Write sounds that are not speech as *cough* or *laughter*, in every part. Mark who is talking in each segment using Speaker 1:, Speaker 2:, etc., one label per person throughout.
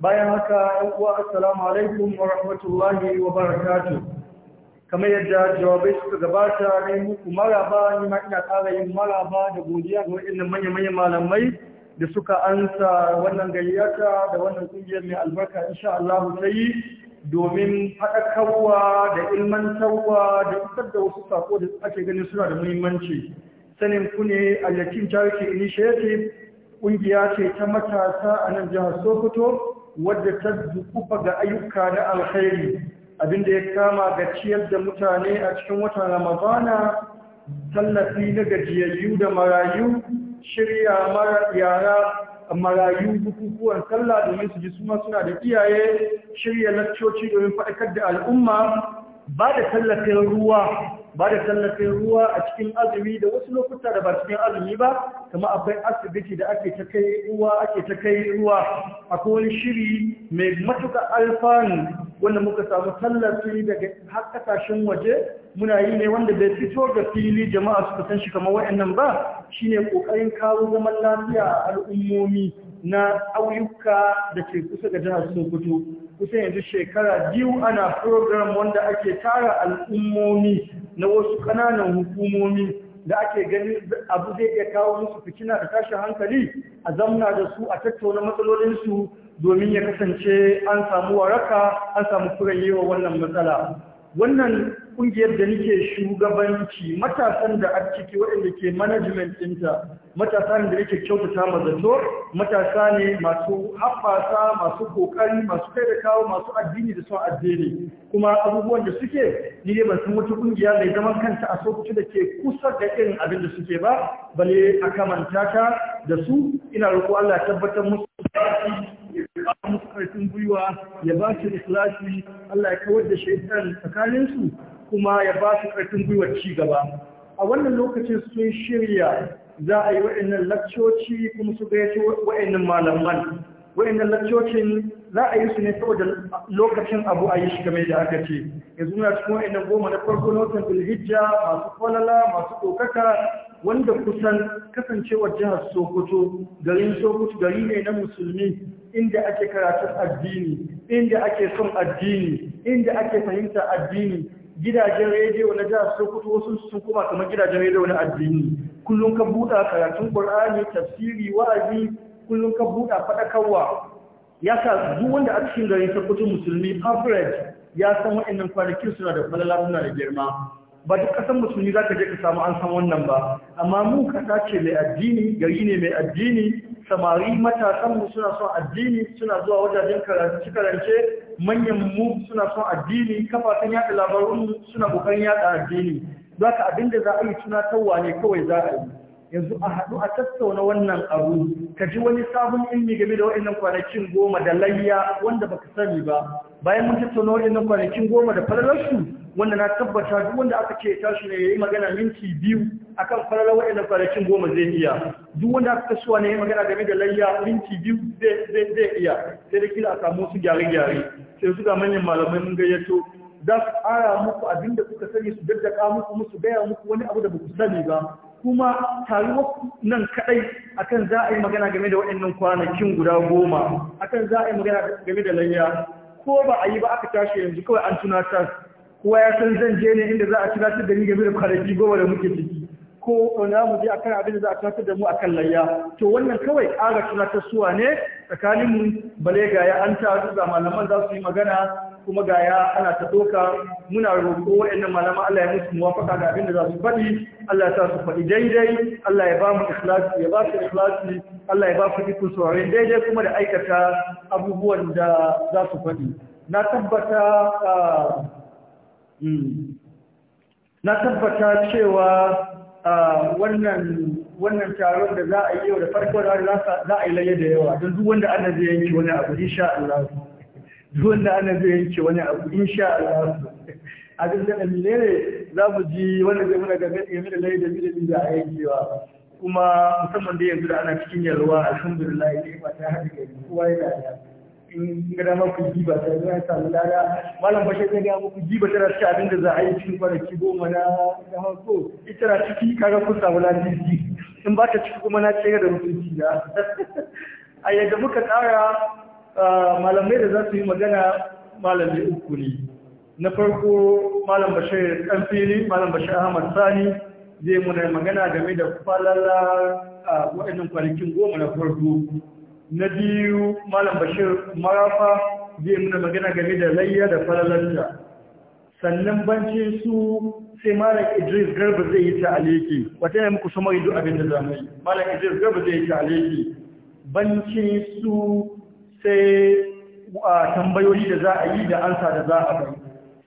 Speaker 1: bayan haka uwa assalamu alaikum wa rahmatullahi wa barakatu kamar yadda jawabai suka gabata ne muku maraba ne ma ina tsara yin maraba da godiya ga waɗannan manya-manyan malamai da suka ansa wannan gayyata da wannan ƙungiyar mai albarka insha Allah ta yi domin faɗakarwa da ilmantarwa da isar da wasu sako da ake ganin suna da muhimmanci sanin ku ne a yakin charity initiative ƙungiya ce ta matasa a nan jihar Sokoto wadda ta zukufa ga ayyuka na alkhairi abinda ya kama ga ciyar da mutane a cikin watan Ramadana tallafi na gajiyayyu da marayu shirya mara yara marayu bukukuwan sallah domin su ji suma suna da iyaye shirya laccoci domin faɗakar da al'umma ba da tallafin ruwa ba da tallafin ruwa a cikin azumi da wasu lokuta da ba cikin azumi ba kama akwai asibiti da ake ta kai ruwa ake ta kai ruwa akwai wani shiri mai matuka alfanu wanda muka samu tallafi daga har kasashen waje muna yi ne wanda bai fito ga fili jama'a su san shi kamar wayannan ba shine kokarin kawo zaman lafiya a al'ummomi na auyuka da ke kusa ga jihar Sokoto kusan yanzu shekara biyu ana program wanda ake tara al'ummomi na wasu ƙananan hukumomi da ake ganin abu zai iya kawo musu fitina da tashin hankali a zamna da su a tattauna matsalolinsu domin ya kasance an samu waraka an samu furen yi wa wannan matsala wannan kungiyar da nake shugabanci matasan da a ciki waɗanda ke management ɗinta matasa ne da nake kyautata mazato matasa ne masu haɓasa masu kokari masu kai da kawo masu addini da son addini kuma abubuwan da suke ni ne ban san wata kungiya mai zaman kanta a sokoto da ke kusa da irin abin da suke ba bale a kamanta ta da su ina roƙo Allah ya tabbatar musu musu ƙarfin gwiwa ya ba su ikhlasi Allah ya kawar da shaitan tsakaninsu kuma ya ba su ƙarfin gwiwar ci gaba a wannan lokacin sun shirya za a yi waɗannan lakcoci kuma su gaya waɗannan malaman waɗannan lakcocin za a yi su ne saboda lokacin abu a yi shi game da aka ce yanzu na cikin waɗannan goma na farko na watan bilhijja masu falala masu ɗaukaka wanda kusan kasancewar jihar sokoto garin sokoto gari ne na musulmi inda ake karatun addini inda ake son addini inda ake fahimta addini gidajen rediyo na jihar sokoto wasu sun kuma kamar gidajen rediyo na addini kullum ka buɗa karatun ƙur'ani tafsiri wa'azi kullum ka buɗa faɗakarwa ya sa duk wanda a cikin garin sokoto musulmi average ya san waɗannan kwanakin suna da falala suna da girma ba duk kasan musulmi za ka je ka samu an san wannan ba amma mu kasa ce mai addini gari ne mai addini samari matasan mu suna son addini suna zuwa wajajen karatu karance manyan mu suna son addini kafafen yaɗa labarun suna kokarin yaɗa addini za ka abin da za a yi tunatarwa ne kawai za a yi yanzu a haɗu a tattauna wannan abu ka ji wani sabon ilmi game da wa'annan kwanakin goma da layya wanda baka sani ba bayan mun tattauna wa'annan kwanakin goma da falalarsu wanda na tabbata duk wanda aka ce tashi ne yayi magana minti biyu akan falala waɗannan farakin goma zai iya duk wanda aka kasuwa ne yayi magana game da layya minti biyu zai iya sai da kila a samu su gyare-gyare sai su ga manyan malamai mun gayyato za su ara muku abin da kuka sani su daddaka muku musu gaya muku wani abu da ba ku sani ba kuma taruwar nan kadai akan za a yi magana game da waɗannan kwanakin guda goma akan za a yi magana game da layya ko ba a yi ba aka tashi yanzu kawai an tunatar kowa ya san zan je ne inda za a tunatar da ni game da kwanaki goma da muke ciki ko na mu je akan abin da za a tunatar da mu akan layya to wannan kawai ƙara tunatar suwa ne tsakanin mu bale ga ya an ta da malaman za su yi magana kuma ga ya ana ta doka muna roƙo waɗannan malaman Allah ya musu muwafaka ga abin da za su faɗi Allah ya sa su faɗi daidai Allah ya ba mu ikhlasi ya ba su ikhlasi Allah ya ba su ikon sauraren daidai kuma da aikata abubuwan da za su faɗi na tabbata ah, na tabbata cewa wannan wannan taron da za a yi yau da farko da za a yi laye da yawa don duk wanda ana zai yanke wani abu insha Allah duk wanda ana zai yanke wani abu insha Allah a duk da ne za mu ji wanda zai muna game da laye da bi da a yankewa kuma musamman da yanzu da ana cikin yalwa alhamdulillah ne ba ta haɗa gari kowa ya da in gada ma ku giba ta zuwa samu lada malam bashir zai gaya muku giba tana cikin abin da za a yi cikin kwanaki goma na da hako ita na ciki kaga kun samu lafiya in ba ta ciki kuma na ce da mutunci na a yadda muka tsara malamai da za su yi magana malamai uku ne na farko malam bashir ɗan fili malam bashir ahmad sani zai muna magana game da falala a waɗannan kwanakin goma na farko na biyu malam bashir marafa zai muna magana game da layya da falalanta sannan banci su sai malam idris garba zai yi ta aliki wata yi muku sumari duk abin da zamani. malam idris garba zai yi ta aliki banci su sai a tambayoyi da za a yi da ansa da za a bai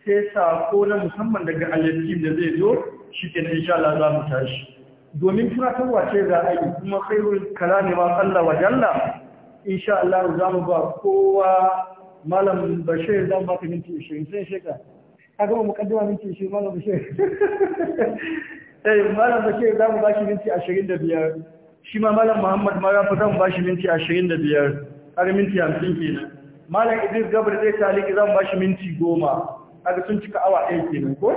Speaker 1: sai sako na musamman daga alyatim da zai zo shi ke insha za mu tashi domin tunatarwa ce za a yi kuma khairul kalami ma Allah wa jalla insha Allah za mu ba kowa malam bashir zan ka minti 20 sai shekara kaga mu kaddama minti 20 malam bashir *laughs* eh, malam bashir za mu ba shi minti 25 shi ma malam muhammad zan ba shi minti 25 har minti 50 kenan malam idris gabar zai taliki zan ba shi minti 10 kaga sun cika awa 1 kenan ko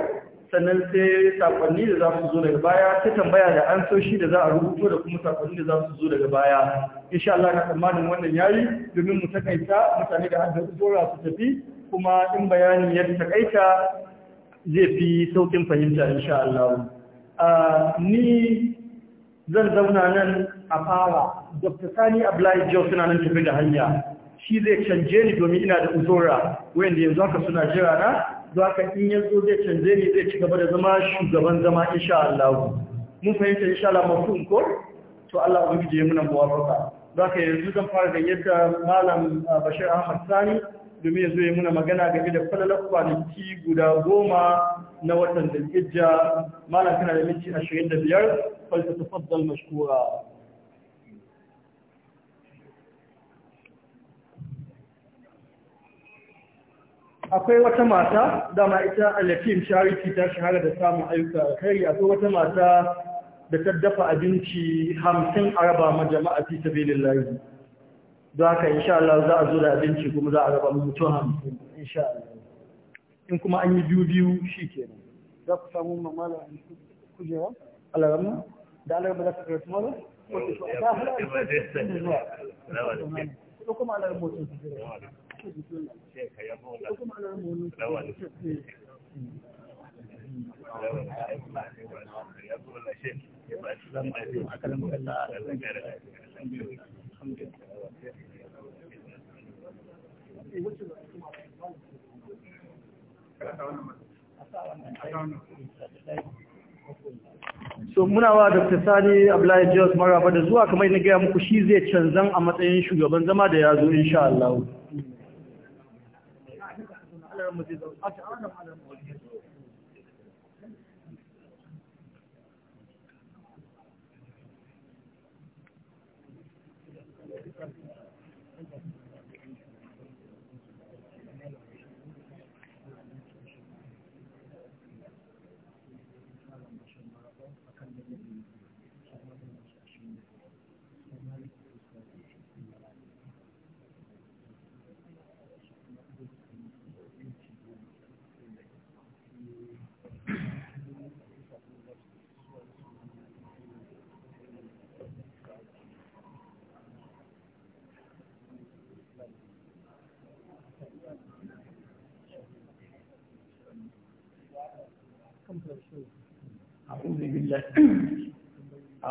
Speaker 1: sannan sai sakonni da za su zo daga baya ta tambaya da an soshi da za a rubuto da kuma sakonni da za su zo daga baya insha Allah na tsammanin wannan yayi domin mu takaita mutane da haddar dora su tafi kuma in bayani ya takaita zai fi saukin fahimta insha Allah ni zan zauna nan a fara Dr. Sani Abdullahi jo suna nan tafi da hanya shi zai canje ni domin ina da uzura wanda yanzu haka suna jira na za ka in ya zo zai canje ne zai ci gaba da zama shugaban zama insha Allah mun fahimta insha Allah mafhum ko to Allah ya muna mawafaka. za ka yanzu zan fara da yadda malam ah, Bashir Ahmad Sani domin yanzu ya muna magana game da falalar kwanaki guda goma na watan da malam kana da minti 25 falsafa tafaddal mashkura akwai wata mata dama ita alafin charity ta shahara da samun ayyuka kai akwai wata mata da ta dafa abinci hamsin a raba ma jama'a fi za don haka insha Allah za a zo da abinci kuma za a raba mutum hamsin insha Allah in kuma an yi biyu biyu shi ke nan za ku samu mamala kujewa alarama da alarama za ku karatu mala ko kuma alarama mutum so muna wa dr sani abdullahi jos maraba da zuwa kamar na gaya muku shi zai canzan a matsayin shugaban zama da ya zo insha Allah yaran mu zai zama a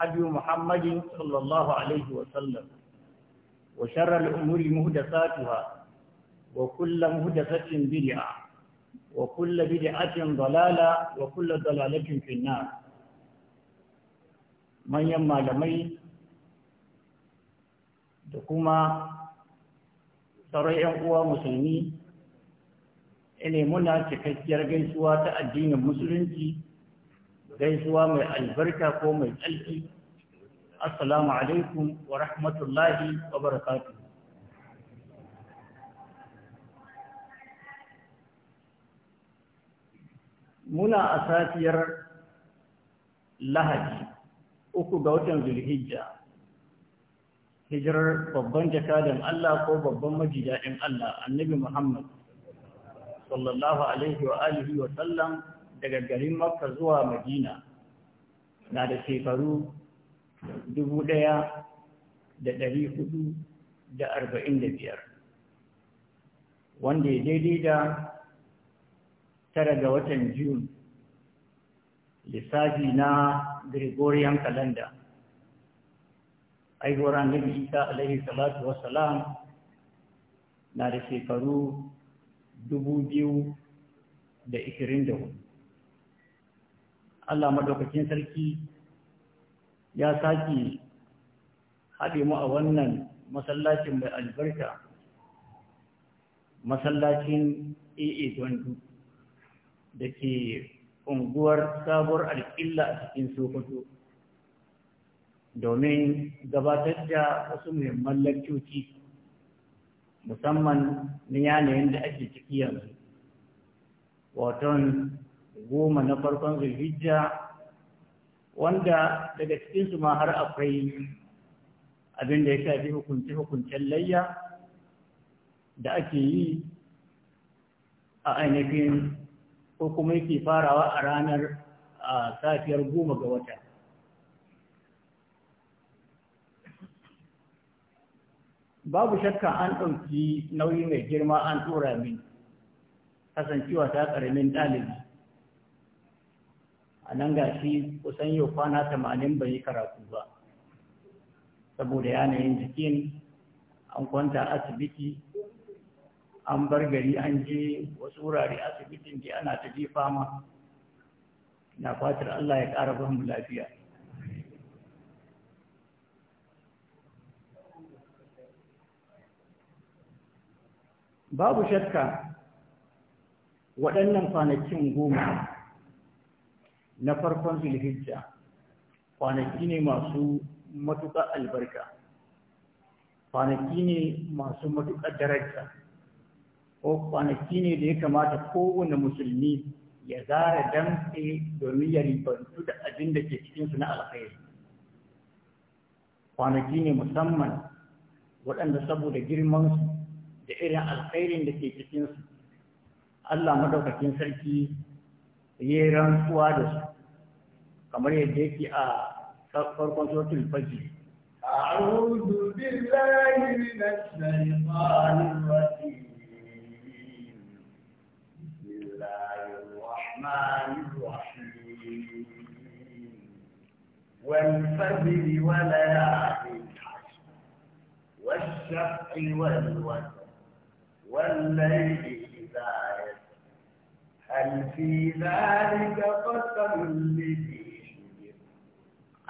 Speaker 1: هدي محمد صلى الله عليه وسلم وشر الأمور مهدساتها وكل مهدسة بدعة وكل بدعة ضلالة وكل ضلالة في النار من يما لمي دكما سرعي قوى مسلمين ine muna cikakkiyar gaisuwa ta addinin musulunci gaisuwa mai albarka ko mai tsarki assalamu alaikum wa rahmatullahi wa barakatu muna a safiyar lahadi uku ga watan zulhijja hijirar babban jakadan Allah ko babban majidaɗin Allah annabi Muhammad sallallahu alaihi wa alihi wa sallam daga garin makka zuwa madina na da shekaru dubu ɗaya da ɗari hudu da arba'in da biyar wanda ya daidai da tara ga watan Jun lissafi na gregorian calendar aihuwar annabi isa alaihi salatu wassalam na da shekaru dubu biyu da da hudu Allah madaukakin sarki ya saki haɗe mu a wannan masallacin mai albarka masallacin AA Gwandu da ke unguwar sabuwar alƙilla a cikin Sokoto domin gabatar da wasu muhimman lakcoci musamman na yanayin da ake ciki yanzu. Waton goma na farkon zulhijja wanda daga cikinsu ma har akwai abin da ya shafi hukunce-hukuncen layya da ake yi a ainihin ko kuma yake farawa a ranar a safiyar goma ga wata babu shakka an ɗauki nauyi mai girma an tura min kasancewa ta ƙaramin ɗalibi a nan ga shi kusan yau kwana tamanin bai karatu ba saboda yanayin jikin an kwanta asibiti an bar gari an je wasu wurare asibitin da ana ta je fama na fatar Allah ya ƙara ba mu lafiya babu shakka waɗannan kwanakin goma na farkon zulhijja kwanaki ne masu matuƙar albarka kwanaki ne masu matuƙar daraja ko kwanaki ne da ya kamata kowane musulmi ya zara damfe domin ya ribantu da abin da ke cikinsu na alkhairi kwanaki ne musamman waɗanda saboda girmansu da irin alkhairin da ke cikinsu Allah madaukakin sarki ya yi rantsuwa da su kamar yadda yake a farkon suratul fajr أعوذ بالله من الشيطان
Speaker 2: الرجيم
Speaker 1: بسم الله الرحمن الرحيم والفجر وليالي الحشر والشفع والوتر والليل إذا يسر هل في ذلك قسم لذي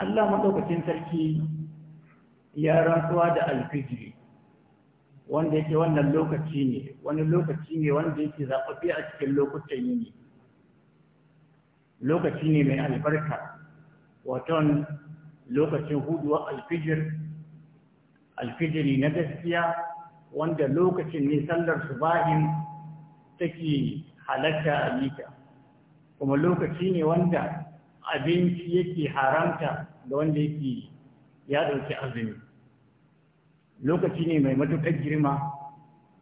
Speaker 1: Allah maɗaukacin sarki ya rantsuwa da alfijiri wanda yake wannan lokaci ne wani lokaci ne wanda yake zaɓaɓɓe a cikin lokutan yini lokaci ne mai albarka waton lokacin huduwa alfijir alfijiri na gaskiya wanda lokacin ne sallar subahin take halatta a kuma lokaci ne wanda abinci yake haramta ga wanda yake ya ɗauki azumi lokaci ne mai matuƙar girma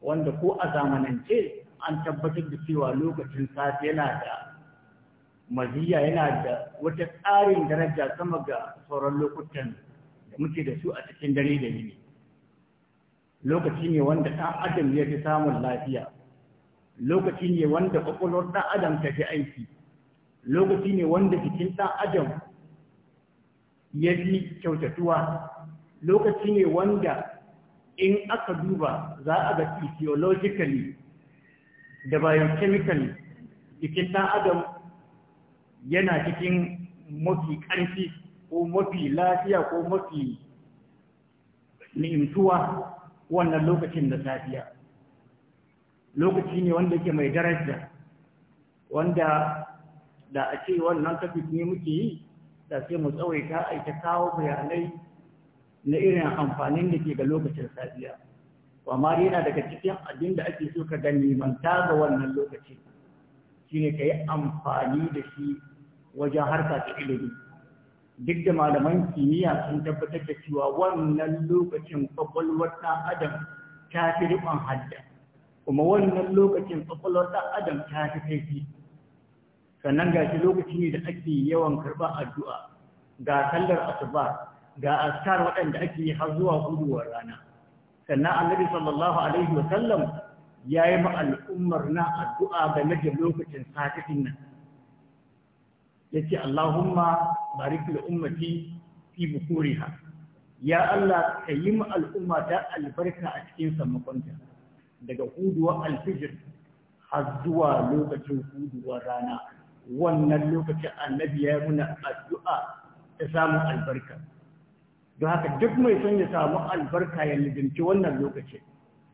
Speaker 1: wanda ko a zamanance an tabbatar da cewa lokacin safe yana da maziya yana da wata tsarin daraja sama ga sauran lokutan da muke da su a cikin dare da yini lokaci ne wanda ɗan adam ya fi samun lafiya lokaci ne wanda ƙwaƙwalwar ɗan adam ta fi aiki lokaci ne wanda jikin ɗan adam ya fi kyautatuwa lokaci ne wanda in aka duba za a ga physiologically da biochemically jikin ɗan adam yana cikin mafi ƙarfi ko mafi lafiya ko mafi ni'imtuwa wannan lokacin da safiya lokaci ne wanda ke mai daraja wanda da a ce wannan tafi ne muke yi da sai mu tsawaita a ita kawo bayanai na irin amfanin da ke ga lokacin safiya amma yana daga cikin abin da ake so ka ga manta ga wannan lokaci shine ka amfani da shi wajen harka ta ilimi duk da malaman kimiyya sun tabbatar da cewa wannan lokacin kwakwalwar ɗan adam ta fi riƙon hadda kuma wannan lokacin kwakwalwar ɗan adam ta fi kaifi sannan ga shi lokaci ne da ake yawan karɓa addu'a ga sallar asuba ga askar waɗanda ake yi har zuwa guduwar rana sannan annabi sallallahu alaihi wa sallam ya yi ma al'ummar na addu'a game da lokacin safi'in nan ya ce Allahumma barik da ummati fi bukuriha ya Allah ka yi ma al'umma ta albarka a cikin sammakonta daga huduwar alfijir har zuwa lokacin huduwar rana wannan lokacin annabi ya muna addu'a da samun albarka don haka duk mai son ya samu albarka ya lidinci wannan lokacin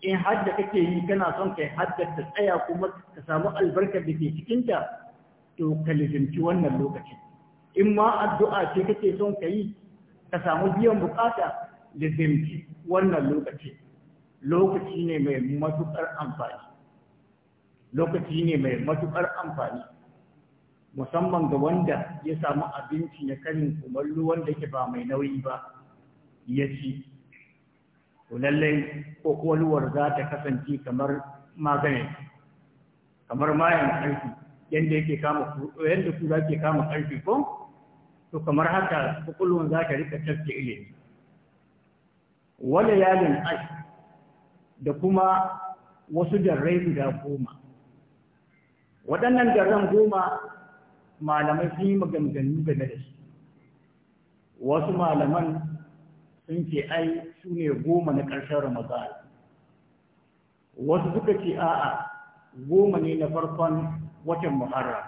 Speaker 1: in hadda kake yi kana son kai hadda ta tsaya kuma ka samu albarka da ke cikinta to ka lidinci wannan lokacin in ma addu'a ce kake son ka yi ka samu biyan bukata lidinci wannan lokacin lokaci ne mai matuƙar amfani lokaci ne mai matuƙar amfani musamman ga wanda ya samu abinci ya karin kumallo wanda ke ba mai nauyi ba ya ci to lallai ko kwaluwar za ta kasance kamar magani kamar mayan karfi yadda yake kama yadda ku za ke kama karfi ko to kamar haka kwakwalwar za ta rika tafke ilimi wala yalin ai, da kuma wasu jarrai guda goma waɗannan jarran goma malamai sun yi maganganu game da shi wasu malaman sun ce ai su ne goma na ƙarshen ramadan wasu suka ce a'a goma ne na farkon watan Muharra.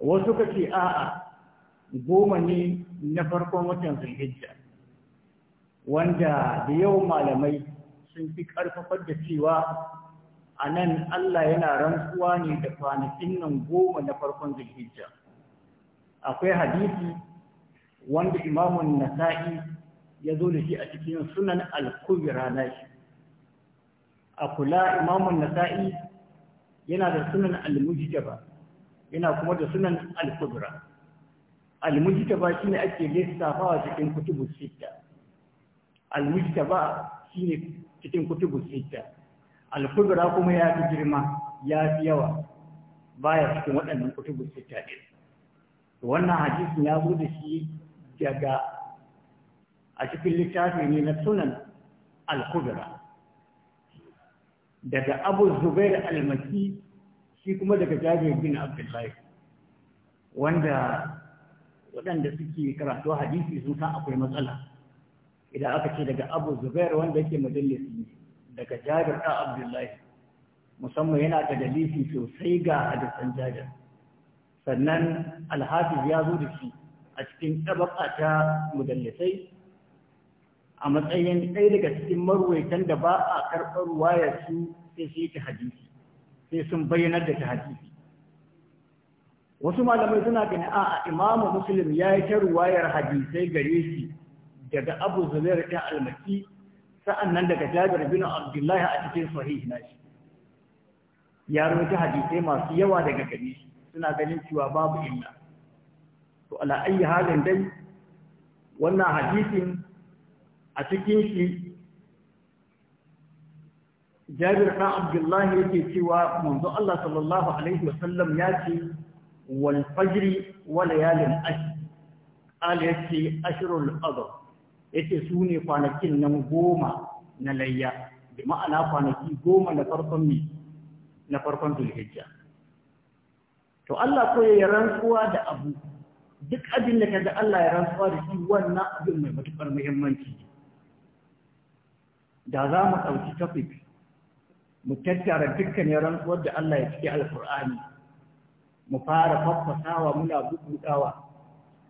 Speaker 1: wasu suka ce a'a goma ne na farkon watan zulhijja wanda da yau malamai sun fi ƙarfafar da cewa a nan Allah yana rantsuwa ne da kwanakin nan goma na farkon zulhijja akwai hadisi wanda imamun nasa'i ya zo da shi a cikin sunan al-kubra na shi. a kula imamun nasa'i yana da sunan al-mujtaba yana kuma da sunan al-kubra al-mujtaba shine ake lissafawa cikin kutubus sita al-mujtaba shine cikin kutubus sita Alkubira kuma ya fi girma ya fi yawa baya cikin waɗannan kutubun sita ɗin wannan hadisin ya zo da shi daga a cikin littafi ne na sunan al daga abu zubair Almasi, shi kuma daga jabir bin abdullahi wanda waɗanda suke karatu hadisi sun san akwai matsala idan aka ce daga abu zubair wanda yake majalisi ne daga jabir ɗan abdullahi musamman yana da dalili sosai ga hadisan jabir sannan alhafiz ya zo da shi a cikin tabaka ta mudallisai a matsayin ɗaya daga cikin marwaitan da ba a karɓar ruwayar su sai sai ta hadisi sai sun bayyanar da ta hadisi wasu malamai suna gani a imamu muslim ya yi ta ruwayar hadisai gare shi daga abu zubair al almaki sa'an nan daga jabir bin abdullahi a cikin sahih na shi ya rubuta hadisai masu yawa daga gare shi suna ganin cewa babu illa to ala ayi halin dai wannan hadisin a cikin shi jabir ɗan abdullahi yake cewa manzo Allah sallallahu alaihi wasallam ya ce wal fajri wa layalin ashr al yake ashrul adha yace su ne kwanakin nan goma na layya bi ma'ana kwanaki goma na farkon mi na farkon zulhijja to Allah ko ya rantsuwa da abu duk abin da kaga Allah ya rantsuwa da shi wannan abin mai matukar muhimmanci da za mu ɗauki topic mu tattara dukkan ya rantsuwar da Allah ya cike alkur'ani mu fara faffasawa muna bukutawa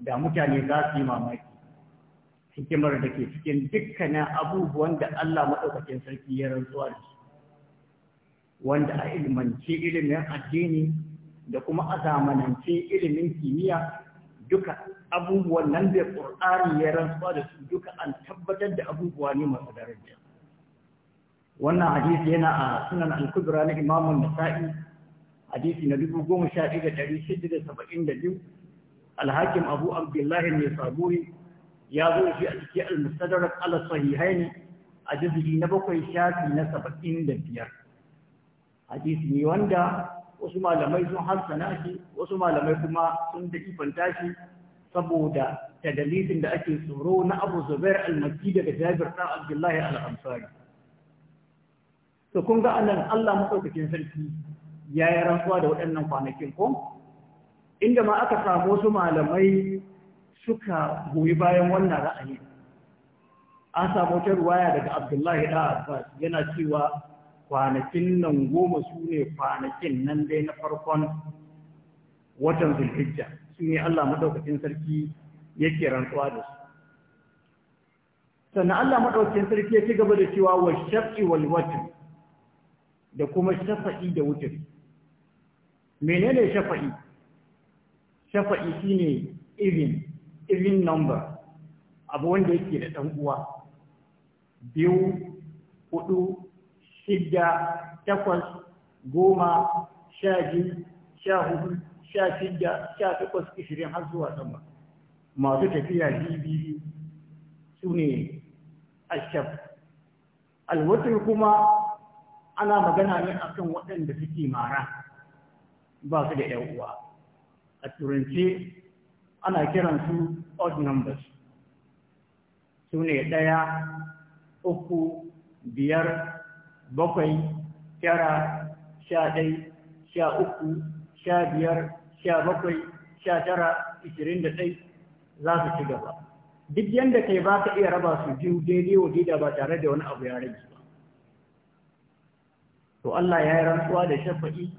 Speaker 1: da mutane za su yi mamaki hikimar da ke cikin dukkanin abubuwan da Allah maɗaukakin sarki ya rantsuwa da su wanda a ilmance ilimin addini da kuma a zamanance ilimin kimiyya duka abubuwan nan da ƙur'ani ya rantsuwa da su duka an tabbatar da abubuwa ne masu daraja wannan hadisi yana a sunan al-kubra na imamun nasa'i hadisi na dubu goma sha ɗaya da ɗari shida da saba'in da biyu alhakim abu abdullahi ne saburi ya zo shi a cikin al-mustadrak al-sahihaini a juz'i na bakwai shafi na saba'in da biyar hadisi ne wanda wasu malamai sun hassana shi wasu malamai kuma sun da ifanta shi saboda ta dalilin da ake tsoro na abu zubair al daga jabir ɗan abdullahi al-ansari to kun ga annan allah maɗaukakin sarki ya yi rantsuwa da waɗannan kwanakin ko inda ma aka samu wasu malamai suka goyi bayan wannan ra'ayi an samu wata ruwaya daga abdullahi da abbas yana cewa kwanakin nan goma su ne kwanakin nan dai na farkon watan zulhijja su ne allah maɗaukacin sarki yake rantsuwa da su sannan allah maɗaukacin sarki ya ci gaba da cewa wa shafi wal watan da kuma shafa'i da wutar menene shafa'i shafa'i shine irin even number abu wanda yake da ɗan uwa biyu hudu shidda takwas goma sha biyu sha hudu sha shidda sha takwas ishirin har zuwa sama masu tafiya biyu su ne ashab alwatar kuma ana magana ne akan waɗanda suke mara ba su da 'yan uwa a turance ana kiransu odd numbers su ne ɗaya uku biyar bakwai tara sha ɗai sha uku sha biyar sha bakwai sha tara ishirin da ɗai za su ci gaba duk yadda kai ba ka iya raba su biyu daidai wa dida ba tare da wani abu ya rage ba to Allah ya yi rantsuwa da shafa'i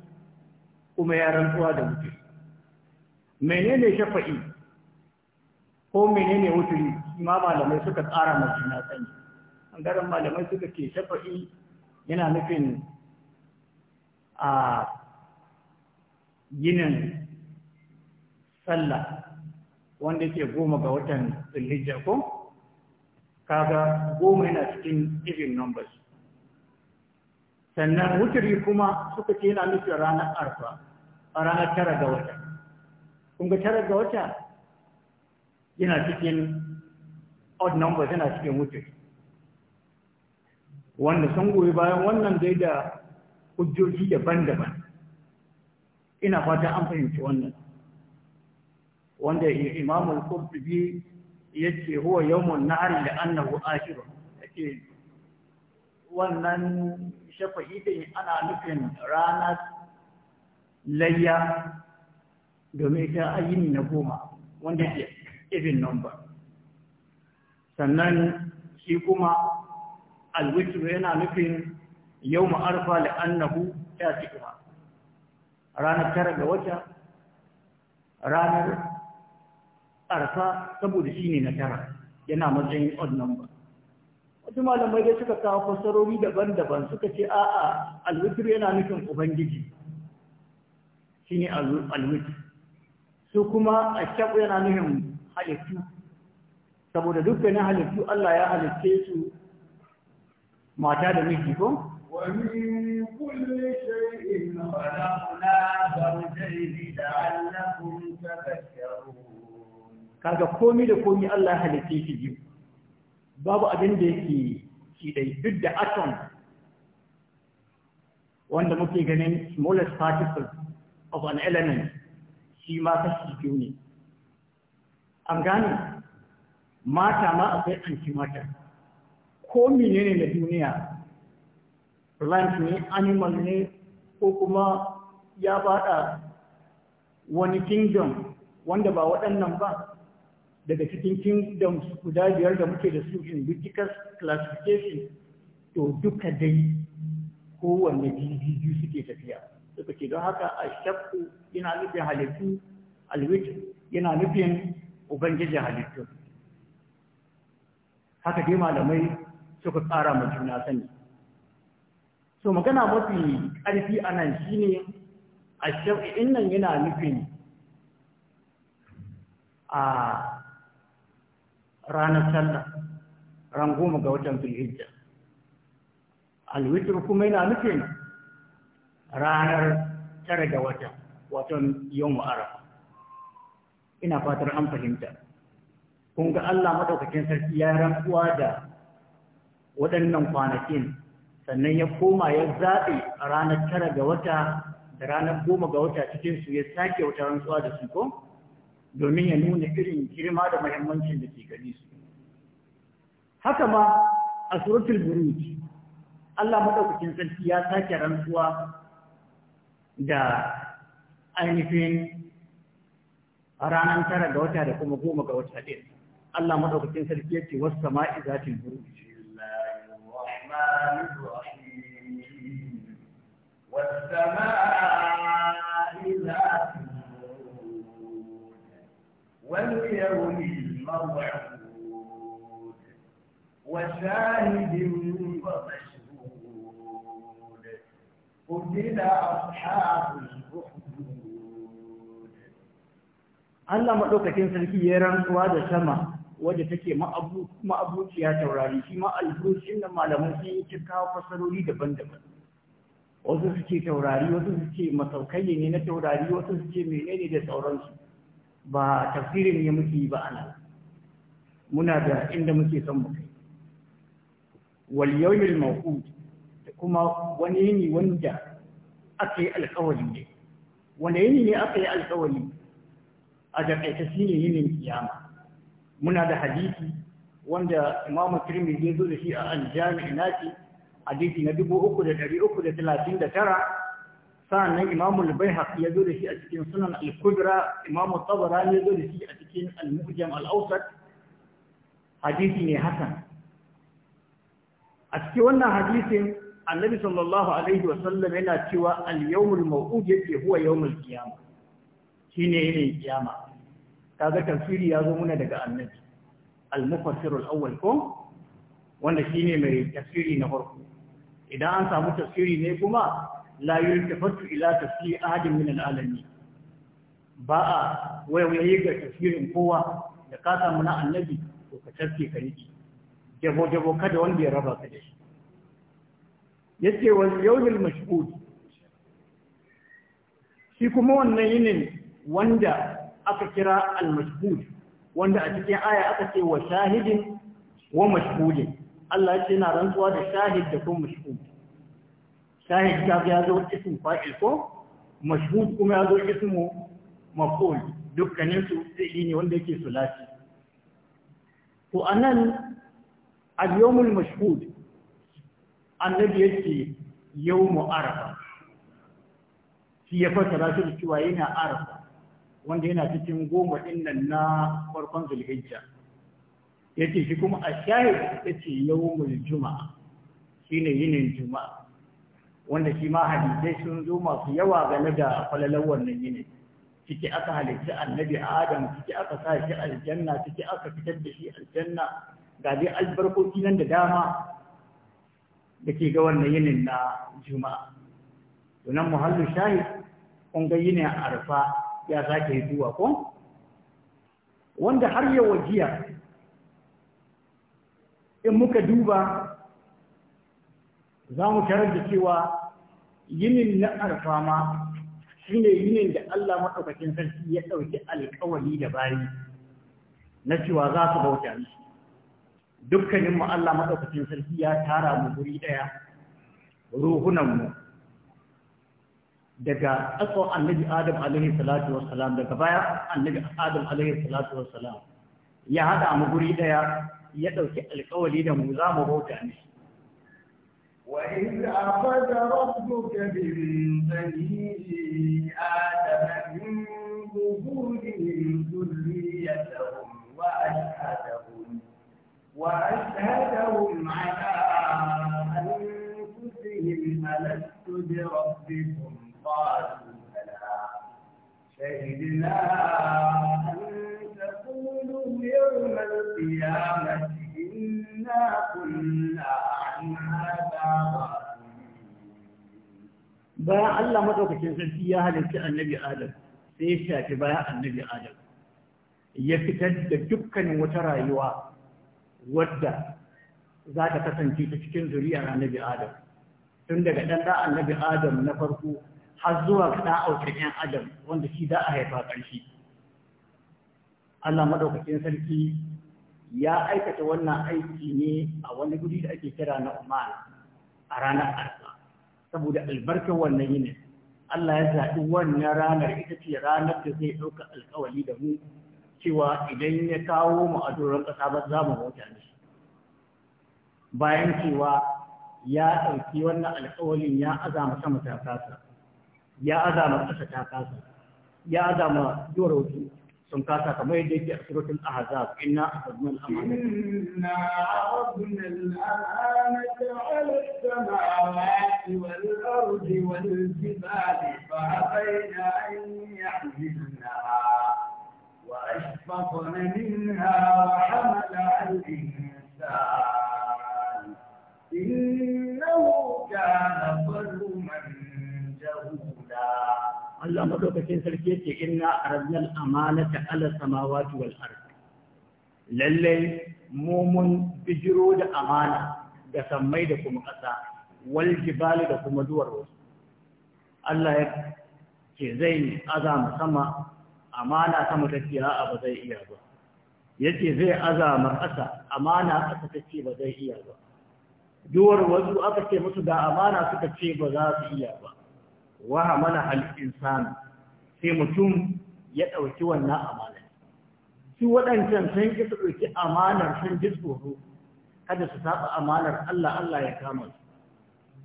Speaker 1: kuma ya rantsuwa da wuce. menene shafa'i ko menene wuturi ma malamai suka tsara masu na An ɓangaren malamai suka ke shafa'i yana nufin a yinin sallah wanda ke goma ga watan zulhijja ko kaga goma yana cikin even numbers sannan wuturi kuma suka ke yana nufin ranar arfa a ranar tara ga wata kun ga tara ga wata yana cikin odd numbers yana cikin wuce wanda sun goyi bayan wannan dai da hujjoji daban-daban ina fata an fahimci wannan wanda imamul qurtubi yace huwa yawmun nahar da annahu ashir yace wannan shafa'i da ana nufin ranar layya domin ta ayyini na goma wanda ke even number sannan shi kuma alwitr yana nufin yau ma'arfa la'annahu ya cikuwa ranar tara ga wata ranar arfa saboda shi ne na tara yana matsayin odd number wasu malamai da suka kawo fasarori daban-daban suka ce a'a alwitir yana nufin ubangiji shi ne alwitir su kuma a shaɓu yana nufin halittu saboda dukkanin halittu Allah ya halitte su mata da miji ko ومن كل komai da komai Allah ya halitte shi biyu babu abin da yake shi duk da atom wanda muke ganin smallest particle of an element shi ma kashi biyu ne an gane mata ma akwai anti mata ko menene na duniya plant ne animal ne ko kuma ya bada wani kingdom wanda ba waɗannan ba daga cikin kingdom guda biyar da muke da su in biticus classification to duka dai kowanne jirgi suke tafiya suka ce don haka a shakku yana nufin halittu alwit yana nufin Ubangiji halittu haka dai malamai suka tsara ma juna sani so magana mafi ƙarfi a nan shi ne a nan yana nufin a ranar sallah ran goma ga watan filhijja alwitar kuma yana nufin ranar tara da watan watan yau ina fatar an fahimta kun ga Allah madaukakin sarki ya rantsuwa da waɗannan kwanakin sannan ya koma ya zaɓe a ranar tara ga wata da ranar goma ga wata cikin su ya sake wata rantsuwa da su ko
Speaker 2: domin ya nuna
Speaker 1: irin girma da muhimmancin da ke gari su haka ma a suratul buruj Allah madaukakin sarki ya sake rantsuwa da ainihin a ranar tara ga wata da kuma goma ga wata ɗin Allah maɗaukacin sarki ya ce wasu sama'i za ta buru واليوم الموعود وشاهد ومشهود قتل أصحاب الأخرى Allah maɗaukakin sarki ya rantsuwa da sama wadda take ma'abuciya taurari shi ma albusin da malaman sun yi cika fasarori daban-daban wasu su ce taurari wasu su ce masaukai ne na taurari wasu su ce menene da sauransu ba tafsirin ne muke yi ba ana muna da inda muke son mu kai wal yawmil mawqut kuma wani yini wanda aka yi alƙawari ne wanda yini ne aka yi ne a jakaita shi ne yinin kiyama muna da hadisi wanda imamu tirmidhi ya zo da shi a an jami'i nati hadisi na 3339 sa'annan imamu al-baihaq ya zo da shi a cikin sunan al-kubra imamu tabara ya zo da shi a cikin al-mu'jam al-awsat hadisi ne hasan a cikin wannan hadisin annabi sallallahu alaihi wa sallam yana cewa al-yawmul maw'ud yake huwa yawmul qiyamah ne yanayin kiyama ga tafsiri ya zo muna daga annabi al-mufassir al-awwal ko wanda shine mai tafsiri na farko idan an samu tafsiri ne kuma la fattu ila tafsiri ahadin min al-alamin ba a wayoyi ga tafsirin kowa da ka samu na annabi ko ka tafsiri ka yi jabo jabo kada wanda ya raba ka da shi yace wal yawmil mashhud shi kuma wannan yinin wanda aka kira al-mashhud wanda a cikin aya aka ce wa shahidin wa mashhudin Allah ya ce na rantsuwa da shahid da kuma mashhud shahid ga ya zo fa'il ko mashhud kuma ya zo ismu maf'ul dukkanin su sai ne wanda yake sulasi to anan al-yawmul mashhud annabi yake yawmu arafa shi ya fasara shi cewa yana arafa wanda yana cikin goma dinnan na farkon zulhijja yace shi kuma a shahid yace yawmul juma'a shine yinin juma'a wanda shi ma hadisai sun zo masu yawa game da falalar wannan yinin ciki aka halitta annabi adam ciki aka sa shi aljanna ciki aka fitar da shi aljanna ga dai albarkoki nan da dama da ke ga wannan yinin na juma'a sunan muhallu shahid kun ga yinin arfa ya sake zuwa ko wanda har yawa jiya in muka duba za mu tarar da cewa yinin na arfama shi ne yinin da Allah matsakacin sarki ya ɗauki alƙawari da bari na cewa za su bauta mishi dukkaninmu Allah matsakacin sarki ya tara mu guri ɗaya ruhunanmu daga tsakon annabi adam alaihi salatu wassalam daga baya annabi adam alaihi salatu wassalam ya hada mu guri daya ya dauki alƙawari da mu za mu bauta ne وإذ أخذ ربك من بني آدم من ظهورهم ذريتهم وأشهدهم وأشهدهم على أنفسهم ألست بربكم أن تقولوا يوم القيامة إنا كنا عن هذا bayan Allah madaukakin sarki ya halarci annabi Adam sai ya shafi bayan annabi Adam ya fitar da dukkanin wata rayuwa wadda za ta kasance ta cikin zuri'ar annabi Adam tun daga ɗan annabi Adam na farko har zuwa ga ɗa'autar 'yan adam wanda shi za a haifa ƙarshe Allah maɗaukacin sarki ya aikata wannan aiki ne a wani guri da ake kira na Oman a ranar arba, saboda albarkar wannan yinin Allah ya zaɓi wannan ranar ita ce ranar da zai ɗauka alkawali da mu cewa idan ya kawo mu a doron ƙasa ba za mu bauta mishi bayan cewa ya ɗauki wannan alkawalin ya azama sama ta kasa ya azama kasa ta kasa ya azama joroki sun kasa kamar yadda yake a suratul ahzab inna akhadna al-amana inna akhadna al-amanata 'ala as-samawati wal-ardi wal-jibali fa abayna an yahmilnaha wa ashfaqna minha wa hamalaha al-insan innahu kana zaluman Allah madaukakin sarki yake inna arzal amanata ala samawati wal ard lalle mumun bijiro da amana da sammai da kuma ƙasa wal jibali da kuma duwar Allah ya ce zai azama sama amana sama ta ce a'a ba zai iya ba ce zai azama ƙasa amana ƙasa ta ce ba zai iya ba duwar wasu aka ce musu da amana suka ce ba za su iya ba wa mana al-insan sai mutum ya ɗauki wannan amana shi waɗancan sun ki dauki amanar sun ji tsoro kada su saba amanar Allah Allah ya kama su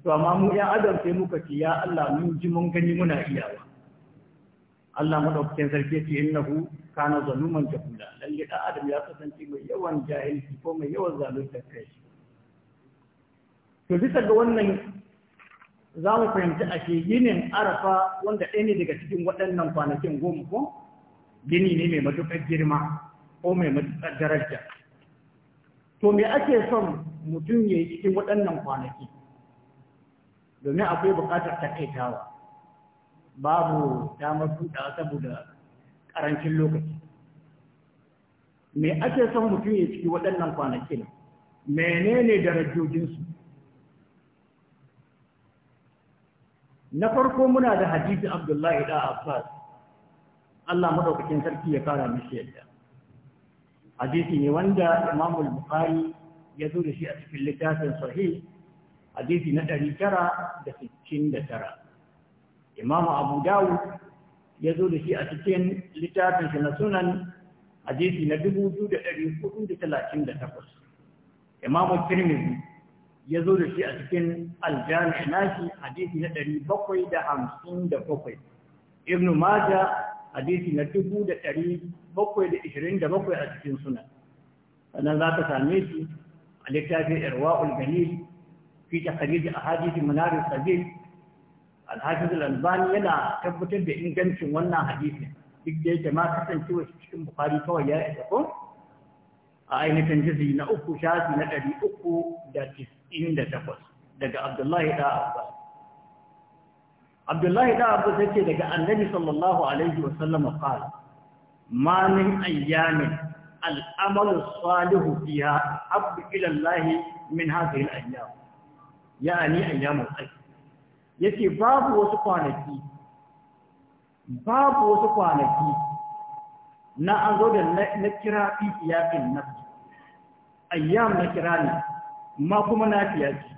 Speaker 1: to amma mu ya adam sai muka ce ya Allah mun ji mun gani muna iyawa Allah madaukakin sarki ce innahu kana zaluman jahula lalle da adam ya kasance mai yawan jahilci ko mai yawan zalunta kai to bisa ga wannan za mu fahimci a ke ginin arafa wanda ɗaya ne daga cikin waɗannan kwanakin goma ko gini ne mai matuƙar girma ko mai matuƙar daraja to me ake son mutum ya yi cikin waɗannan kwanaki domin akwai buƙatar takaitawa babu damar buɗa saboda ƙarancin lokaci me ake son mutum ya ciki waɗannan kwanakin menene darajojinsu na farko muna da hadisi abdullahi da abbas Allah madaukakin sarki ya fara mishi yadda hadisi ne wanda Imam al-bukhari ya zo da shi a cikin littafin sahih hadisi na da tara. Imam abu dawud ya zo da shi a cikin littafin shi na sunan hadisi na 2438 imamu tirmidhi ya zo da shi a cikin aljami nashi hadisi na bakwai. ibn maja hadisi na bakwai a cikin suna sannan za ka same shi a littafin irwa'ul galil fi takhrij ahadith manar sabil al al-albani yana tabbatar da ingancin wannan hadisi duk da yake ma kasancewa cikin bukhari kawai ya isa ko a ainihin jizi na uku shafi na ɗari uku da tis'in da takwas daga abdullahi da abbas abdullahi da abbas ya ce daga annabi sallallahu alaihi wasallama fara ma min ayyamin al'amalu salihu fiya abu ilallahi min hazihin ayyam ya'ani ayyamun aiki yake babu wasu kwanaki babu wasu kwanaki na an zo da na kira fi na nafsi ayyam na kira ne ma kuma na fiyaci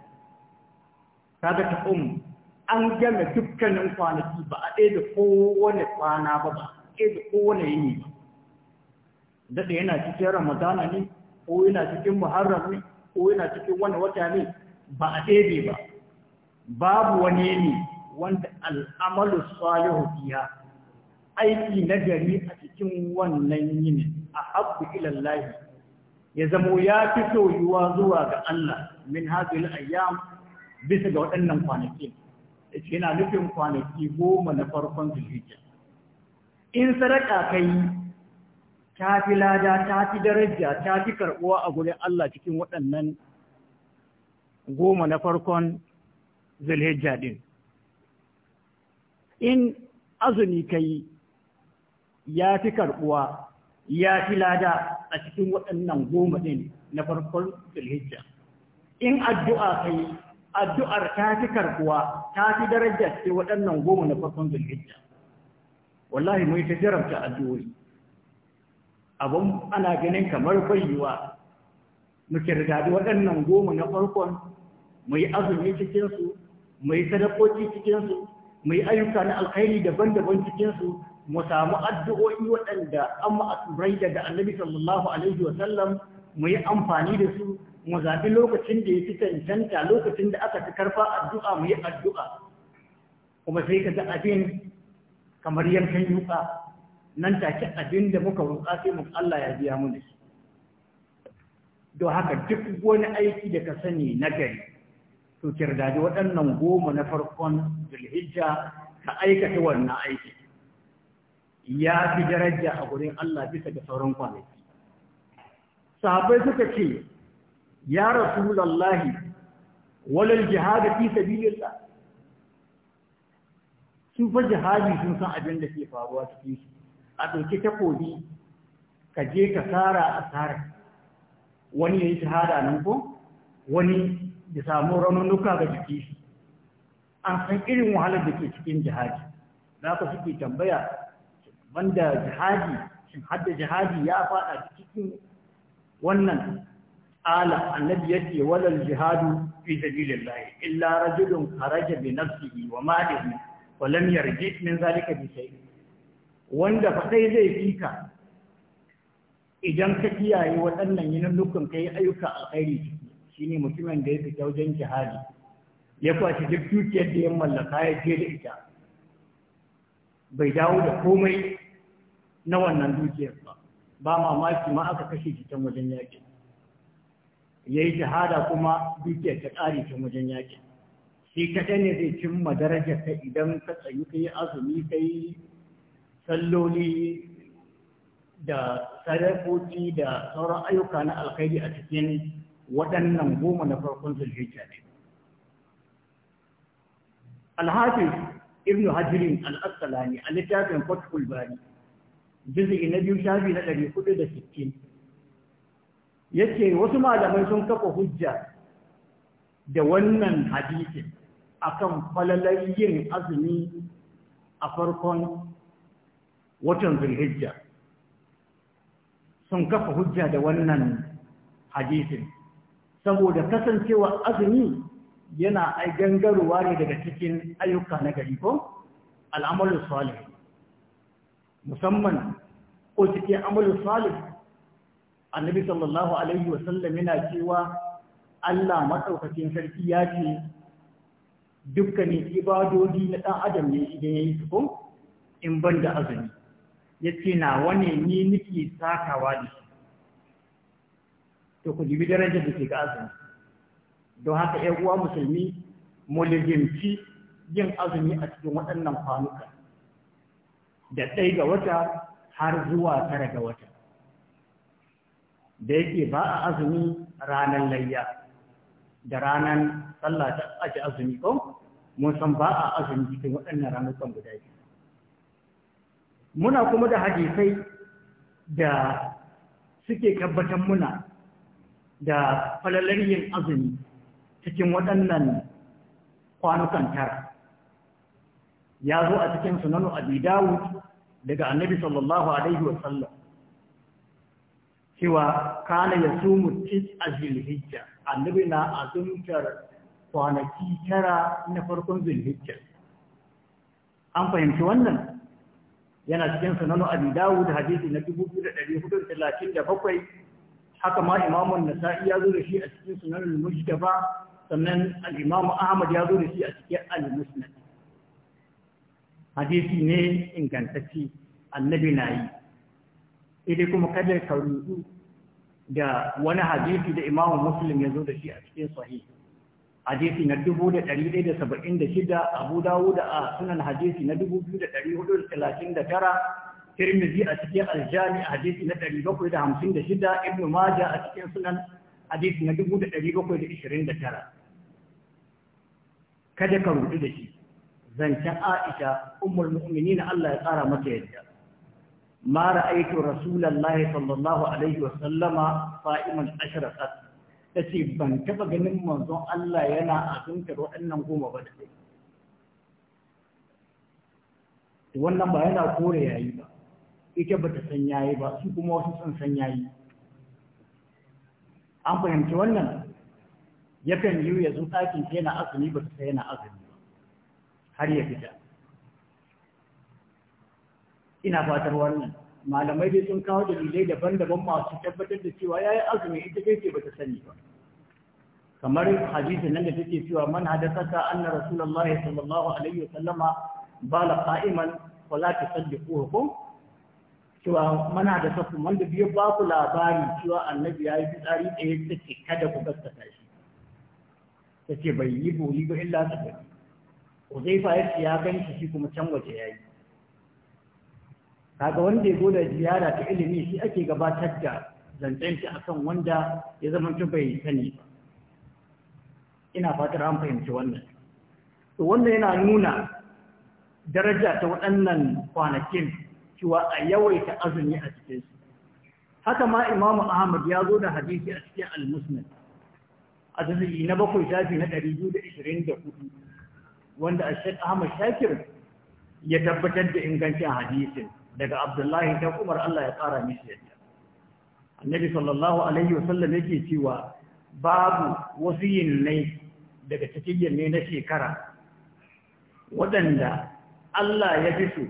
Speaker 1: kaga ta umu an game dukkanin kwanaki ba a ɗaya da kowane kwana ba ba a ɗaya da kowane yini ba daɗa yana cikin ramadana ne ko yana cikin muharram ne ko yana cikin wani wata ne ba a ɗaya ba babu wani ne wanda al'amalu salihu fiya aiki na gari a cikin wannan yini a abu ilallahi ya zama ya fi soyuwa zuwa ga Allah min hazil ayyam bisa ga waɗannan kwanaki yace yana nufin kwanaki goma na farkon zuciya. in sadaka kai ta fi lada ta fi daraja ta fi karɓuwa a gurin Allah cikin waɗannan goma na farkon zulhijja din in azumi kai ya fi karɓuwa ya fi lada a cikin waɗannan goma ɗin na farkon zulhijja in addu'a ka yi addu'ar ta fi karɓuwa ta fi darajar ce waɗannan goma na farkon zulhijja wallahi mai ta jarabta addu'o'i abin ana ganin kamar bayyuwa mu kirgadi waɗannan goma na farkon mai azumi cikinsu mai sadakoci cikinsu mai ayyuka na alkhairi daban-daban cikinsu mu samu addu'o'i waɗanda an ma'asurai daga annabi sallallahu alaihi wa sallam mu yi amfani da su mu zaɓi lokacin da ya fi cancanta lokacin da aka fi karfa addu'a mu yi addu'a kuma sai ka ga abin kamar yankan yuka nan take abin da muka roƙa sai mu Allah ya biya mu da shi don haka duk wani aiki da ka sani na gari to kirdadi waɗannan goma na farkon zulhijja ka aikata wannan aiki ya fi daraja a gurin Allah bisa ga sauran kwanaki sahabai suka ce ya rasulallahi walal jihad fi sabilillah su fa jihadi sun san abin da ke faruwa cikin shi a ɗauki kodi ka je ka tsara a tsara wani ya yi shahada nan ko wani ya samu raunuka ga jiki an san irin wahalar da ke cikin jihadi za ka suke tambaya wanda jihadi shin hadda jihadi ya fada cikin wannan ala annabi yake walal jihadu fi sabilillah illa rajulun kharaja bi nafsihi wa malihi wa lam yarji min zalika bi shay wanda fa sai zai fika idan ka kiyaye waɗannan yinannukan kai ayyuka alkhairi shine mutumin da ya fita wajen jihadi ya kwashi duk dukiyar da ya mallaka ya je da ita bai dawo da komai na wannan dukiyar ba ba mamaki ma aka kashe shi ta wajen yaƙi ya yi shahada kuma dukiyar ta ƙare ta wajen yaƙi shi kaɗai ne zai cimma darajar ta idan ka tsayu ka azumi ka salloli da sadakoki da sauran ayyuka na alkhairi a cikin waɗannan goma na farkon zulhijja ne alhafiz ibn hajirin al-asqalani a littafin fathul bari juz'i na biyu shafi na ɗari hudu da sittin yake wasu malamai sun kafa hujja da wannan hadisin akan falalai yin azumi a farkon watan zulhijja sun kafa hujja da wannan hadisin saboda kasancewa azumi yana ai gangarowa ne daga cikin ayyuka na gari ko al'amalin salih musamman ko cikin amalu salih annabi sallallahu alaihi wasallam yana cewa Allah madaukakin sarki ya ce dukkanin ibadodi na ɗan adam ne idan yayi yi ko? in ban da azumi yace na wane ni nake sakawa da shi to ku jibi darajar da ke ga azumi don haka ‘yan uwa musulmi mu yin azumi a cikin waɗannan kwanuka da ɗaya ga wata har zuwa tara ga wata da yake ba a azumi ranar layya da ranar sallah ta ake azumi ko mun san ba a azumi cikin waɗannan ranar guda biyu muna kuma da hadisai da suke tabbatar muna da falalar yin azumi cikin waɗannan kwanukan tara ya zo a cikin sunanu abi dawud daga annabi sallallahu alaihi wa sallam. cewa kana ya sumu tis a zilhijja annabi na azumtar kwanaki tara na farkon zilhijja an fahimci wannan yana cikin sananu abi dawud hadisi na 2437 haka ma imamun nasa'i ya zo da shi a cikin sunan al-mujtaba sannan al-imamu ahmad ya zo da shi a cikin al-musnad hadisi ne ingantacci annabi na yi ita kuma kada ka rudu da wani hadisi da imamu muslim ya zo da shi a cikin sahih hadisi na 1176 abu dawud a sunan hadisi na 2439 tirmidhi a cikin aljami hadisi na 756 ibnu maja a cikin sunan hadisi na 1729 kada ka rudu da shi zancen Aisha ummul mu'minin Allah ya tsara mata yadda ma ra'aytu rasulullahi sallallahu alaihi wa sallama sa'iman ashara qat tace ban taba ganin manzon Allah yana azumtar wannan goma ba dai to wannan ba yana kore yayi ba ita bata san yayi ba su kuma wasu sun san yayi an fahimci wannan yakan yi ya zo ɗakin yana azumi ba ta yana azumi har ya fita ina fatar wannan malamai dai sun kawo dalilai daban-daban masu tabbatar da cewa yayi azumi ita kai ce bata sani ba kamar hadisi nan da take cewa man ka anna rasulullahi sallallahu alaihi wasallama bala qa'iman wala tusaddiquhu ko cewa man da safin wanda biyo ba ku labari cewa annabi yayi yi fitsari ɗaya ta ce kada ku gaskata shi ta bai yi boli ba illa ta Uzaifa ya ce ya ganshi shi kuma can waje ya yi. Kaga wanda ya zo da ziyara ta ilimi shi ake gabatar da zancen shi akan wanda ya zama tun bai sani ba. Ina fatar an fahimci wannan. To wannan yana nuna daraja ta waɗannan kwanakin cewa a yawaita azumi a cikinsu. Haka ma Imamu Ahmad ya zo da hadisi a cikin Al-Musnad. A na bakwai shafi na ɗari biyu da ashirin da hudu. wanda a shek ahmad shakir ya tabbatar da ingancin hadisin daga abdullahi ta umar allah ya ƙara mishi yadda annabi sallallahu alaihi wasallam yake cewa babu wasu yinnai daga cikin yinnai na shekara waɗanda allah ya fi so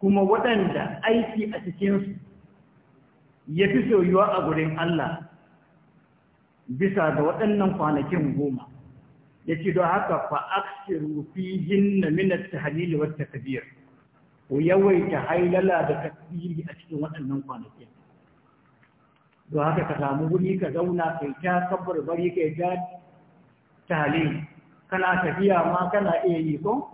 Speaker 1: kuma waɗanda aiki a cikinsu ya fi soyuwa a gurin allah bisa ga waɗannan kwanakin goma yace don haka fa aksiru fihin min at-tahlil wa ku yawaita hailala da takbiri a cikin waɗannan kwanaki don haka ka samu wuri ka zauna kai ta kabbar bari kai ta tahlil kana tafiya ma kana iya yi ko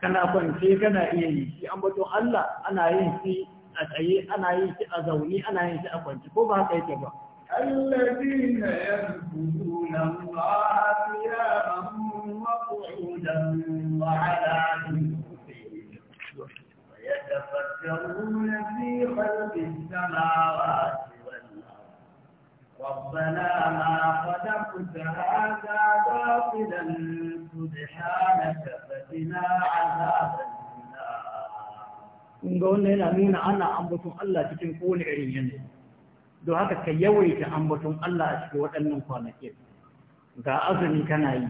Speaker 1: kana kwance kana iya yi shi an bato Allah ana yin shi a tsaye ana yin shi a zaune ana yin shi a kwance ko ba haka yake ba الذين يذكرون الله قياما وقعودا وعلى جنوبهم ويتفكرون في خلق السماوات والارض ربنا ما خلقت هذا باطلا سبحانك فقنا عذاب النار. Kun ga wannan yana nuna ana ambaton عليا. don haka ka yawaita ambaton Allah a cikin waɗannan kwanakin ga azumi kana yi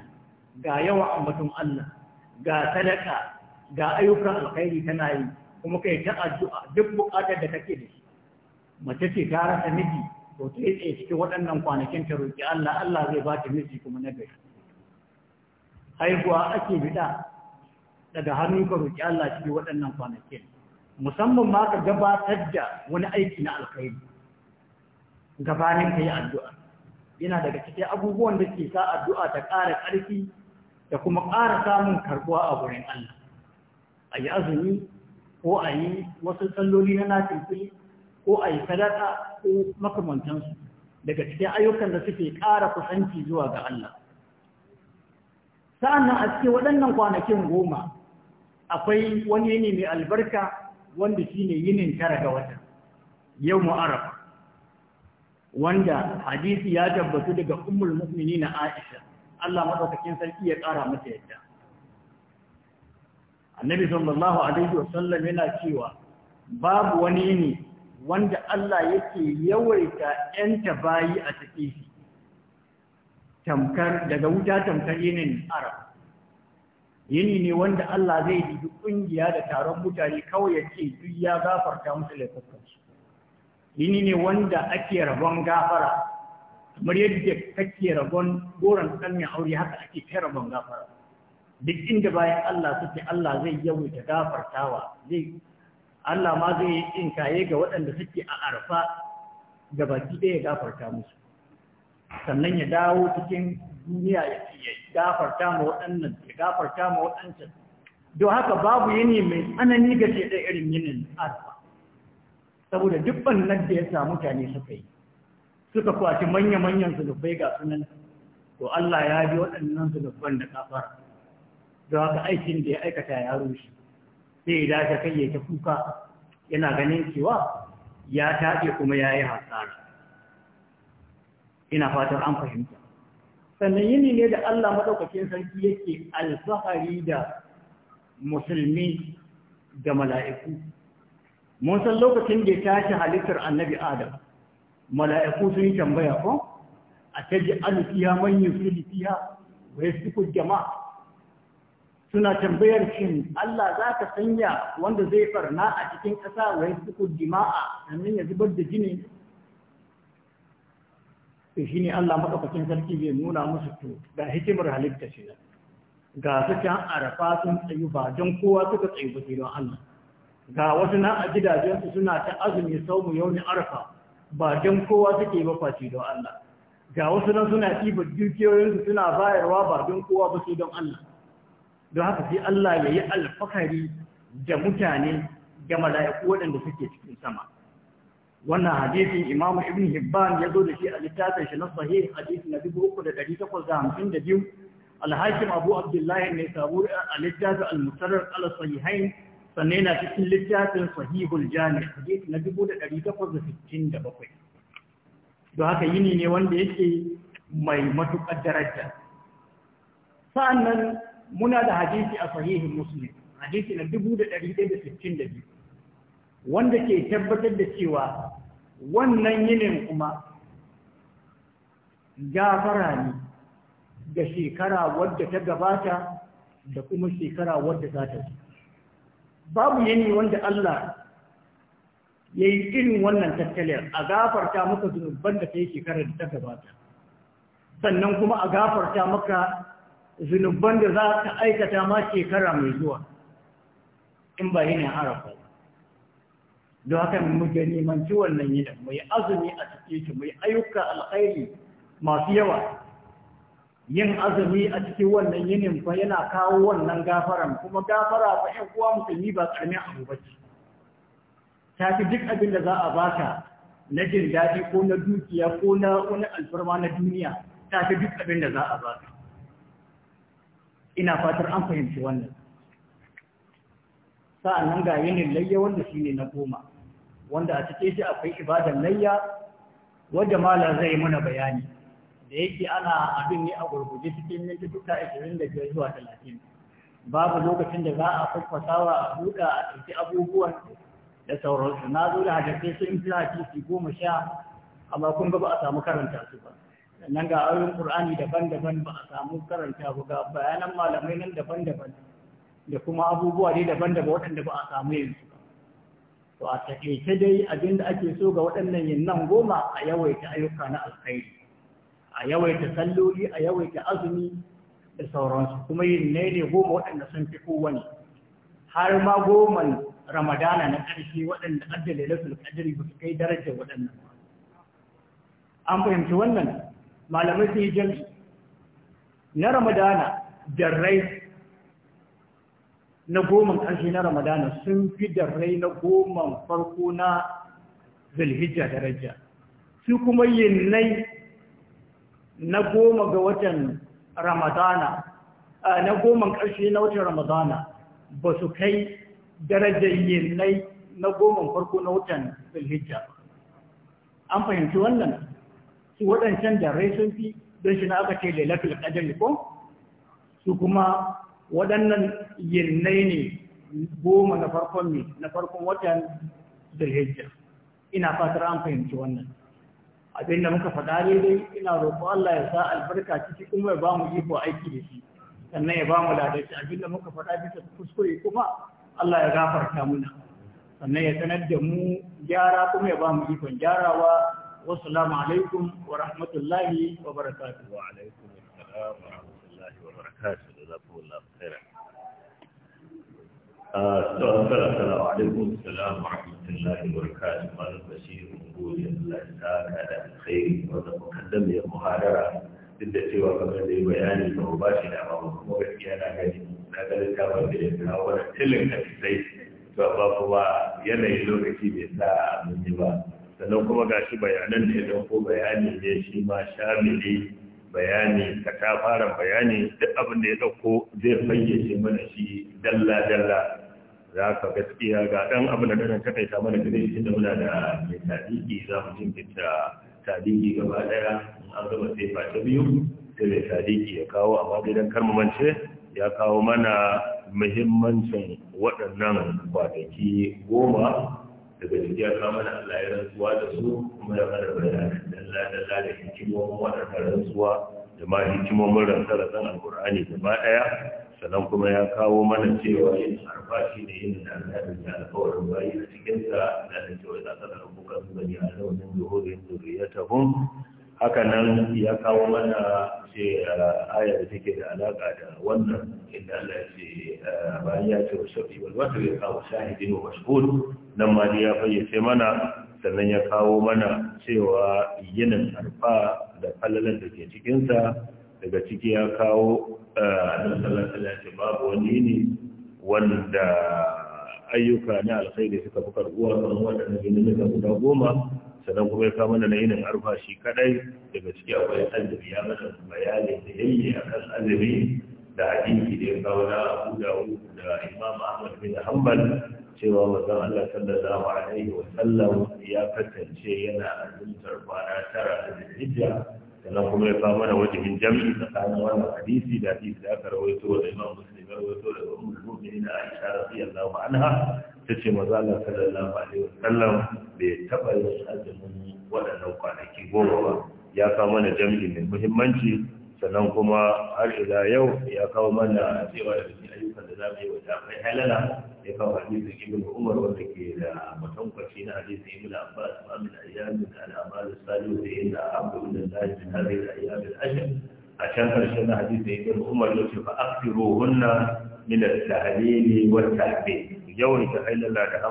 Speaker 1: ga yawa ambaton Allah ga sadaka ga ayyukan alkhairi kana yi kuma kai ta addu'a duk buƙatar da kake da shi mace ce ta rasa miji to ta yi tsaye cikin waɗannan kwanakin ta roƙi Allah Allah zai ba ta miji kuma na gari haihuwa ake bida daga hannu ka roƙi Allah cikin waɗannan kwanakin musamman ma ka gabatar da wani aiki na alkhairi gabanin ka yi addu'a yana daga cikin abubuwan da ke sa addu'a ta ƙara ƙarfi da kuma ƙara samun karbuwa a wurin Allah a yi azumi ko a yi wasu tsalloli na nafifili ko a yi sadaka ko makamantansu daga cikin ayyukan da suke ƙara kusanci zuwa ga Allah sa'annan a cikin waɗannan kwanakin goma akwai wani yini mai albarka wanda shine yinin tara ga wata yau mu'arafa wanda hadisi ya tabbatu daga ummul na Aisha Allah madaukakin sarki ya ƙara mata yadda Annabi sallallahu alaihi wasallam yana cewa babu wani ne wanda Allah yake yawaita yanta bayi a cikin shi daga wuta tamkar yinin arab yini ne wanda Allah zai dubi ƙungiya da taron mutane kawai ya ce duk ya gafarta musu laifukansu dini ne wanda ake rabon gafara kamar yadda kake rabon goron ɗan mai aure haka ake kai rabon gafara duk inda bayan Allah suke Allah zai yawaita gafartawa zai Allah ma zai yi kaye ga waɗanda suke a arfa ga baki ɗaya ya gafarta musu sannan ya dawo cikin duniya ya gafarta ma waɗannan ya gafarta ma waɗancan don haka babu yini mai tsanani ga shaidan irin yinin arfa saboda duk bannan da ya sa mutane suka yi suka kwaci manya-manyan zunubai ga sunan to Allah ya bi waɗannan zunuban da kafar. da haka aikin da ya aikata ya rushe sai ya dace kai yake ta kuka yana ganin cewa ya taɓe kuma ya yi hasara ina fatan an fahimta sannan yini ne da Allah maɗaukacin sarki yake alfahari da musulmi da mala'iku mun san lokacin da ya tashi halittar annabi adam mala'iku sun yi tambaya ko oh, a taji alufiya manyan filifiya wa ya jama'a suna tambayar shin Allah za ka sanya wanda zai farna a cikin ƙasa wa ya jima'a sannan ya zubar da jini to shi ne Allah maɗaukacin sarki zai nuna musu to ga hikimar halitta ce ga su can arafa sun tsayu ba don kowa suka tsayu ba sai don Allah ga wasu nan a gidajensu suna ta azumi saumu yawmin arfa ba dan kowa suke ba face don Allah ga wasu nan suna tiba dukiyoyinsu suna bayarwa ba don kowa ba don Allah don haka sai Allah ya yi alfakari da mutane ga mala'iku waɗanda suke cikin sama wannan hadisin Imam Ibn Hibban ya zo da shi a littafin shi na sahih hadisi na 3852 Al-Hakim Abu Abdullah ne sabu a littafin Al-Musarrar al-Sahihain sannan yana cikin littafin sahihul jami hadith na 1867 don haka yini ne wanda yake mai matuƙar daraja sa'annan muna da hadisi a sahihin muslim hadisi na 1162 wanda ke tabbatar da cewa wannan yinin kuma gafara ne ga shekara wadda ta gabata da kuma shekara wadda za ta zuwa babu yanayi wanda Allah ya yi irin wannan tattalin a gafarta maka zunubban da ta yi shekarar da ta gabata sannan kuma a gafarta maka zunubban da za ka aikata ma shekara mai zuwa in ba yanayin harafa don haka mu ga nemanci wannan yi mu yi azumi a cikin shi ayyuka alkhairi masu yawa yin azumi a cikin wannan yinin fa yana kawo wannan gafara, kuma gafara fa ƴan uwa musulmi ba karamin abu ba ce ta fi duk abin da za a baka na jin daɗi ko na dukiya ko na wani alfarma na duniya ta fi duk abin da za a baka ina fatar an fahimci wannan sa'annan ga yinin layya wanda shine na goma wanda a cike shi akwai ibadan layya wadda mala zai muna bayani da yake ana abin ne a gurguje cikin mintuka 25 zuwa 30 babu lokacin da za a fafasawa a buɗa a ɗauki abubuwan da sauransu na zo da hadisai sun fi hadisi goma sha amma kun ga ba a samu karanta su ba sannan ga ayoyin qur'ani daban-daban ba a samu karanta ba ga bayanan malamai nan daban-daban da kuma abubuwa dai daban-daban waɗanda ba a samu yanzu ba to a takaice dai abinda ake so ga waɗannan yin nan goma a yawaita ayyuka na alkhairi a yawaita salloli a yawaita azumi da sauransu kuma yin ne ne goma waɗanda sun fi kowane har ma goman ramadana na ƙarshe waɗanda addala lafil ƙadiri ba su kai darajar waɗannan ba an fahimci wannan malamai sun yi jami na ramadana darrai na goman ƙarshe na ramadana sun fi darrai na goman farko na zulhijja daraja su kuma yin nai. na goma ga watan ramadana na goma ƙarshe na watan ramadana ba su kai darajar yinai na goma farko na watan zulhijja an fahimci wannan su waɗancan da rai sun fi don shi na aka ce lalafil qadr ko su kuma waɗannan yinai ne goma na farkon ne na farkon watan zulhijja ina fatar an fahimci wannan abin da muka faɗa daidai ina roƙo Allah ya sa albarka ciki kuma ya ba mu iko aiki da shi sannan ya ba mu ladaci abin da muka faɗa bisa kuskure kuma Allah ya gafarta muna sannan ya sanar da mu gyara kuma ya ba mu ikon gyarawa wasu alaikum wa rahmatullahi wa barakatuhu wa alaikum assalam wa rahmatullahi wa barakatuhu jazakumullahu khairan Wa ah, alaikum wa rahmatullahi الله وبركاته قال da نقول الله تعالى على الخير ومقدم المحاضرة duk cewa kamar da yi bayani ba ba da ba kuma gaskiya gani na ganin ta ba da ya kawo wani tilin a sai to ba kuma yanayin lokaci bai sa mun yi ba sannan kuma gashi bayanan da ya dauko bayani ne shima ma shamili bayani ka ta fara bayani duk abin da ya dauko zai fayyace mana shi dalla dalla za ka gaskiya ga ɗan abu da ɗan takaita mana da zai daula da mai tadiki za mu jinkirta tadiki gaba ɗaya in an zama sai ta biyu sai mai tadiki ya kawo amma dai karmamance ya kawo mana muhimmancin waɗannan kwanaki goma daga ciki ya kawo mana Allah ya rantsuwa da su kuma ya fara bayanin dalla-dalla da hikimomin waɗannan rantsuwa da ma hikimomin rantsar-rantsar alkur'ani gaba ɗaya sannan kuma ya kawo mana cewa yin harba shi ne yin da al'adun da alfawarin bayi da cikinsa da na cewa ya tsada da rubuka su gani a launin zuri ya tafi haka nan ya kawo mana ce eh, aya da take da alaƙa da wannan inda Allah ce eh, bayan ya ce wa shafi wal wato ya kawo shahidin wa mashhud nan ma ya fayyace mana sannan ya kawo mana cewa yinin harfa da falalan da ke cikinsa daga ciki ya kawo eh, annabi sallallahu babu wani ne wanda ayyuka na alkhairi suka fi karbuwa kamar na ne guda goma sannan kuma ya kama na yinin arfa shi kadai daga ciki akwai azumi ya mana bayani da yayi kan azumi da hadisi da ya kawo na Abu da Imam Ahmad bin Hanbal cewa manzon Allah sallallahu alaihi wa sallam ya kasance yana azumtar kwana tara da Hijja sannan kuma ya samu mana wajen jam'i tsakanin wannan hadisi da hadisi da aka rawaito da imam muslim ya rawaito da ummu na aisha radiyallahu anha tace manzo Allah sallallahu alaihi wasallam bai taba yin azumin waɗannan kwanaki goma ba ya samu mana jam'i mai muhimmanci sannan kuma har ila yau ya kawo mana cewa da cikin ayyukan da za mu yi wa tafai halala ya kawo hadisin ibn umar wanda ke da matankwaci na hadisin ibn abbas ba min ayyamin al'amal salihu da inda abu da lahi da hadhihi da ayyam al a can karshen na hadisin ibn umar yace fa aktiruhunna min al-tahlil wa at-tahbib yawan hailala da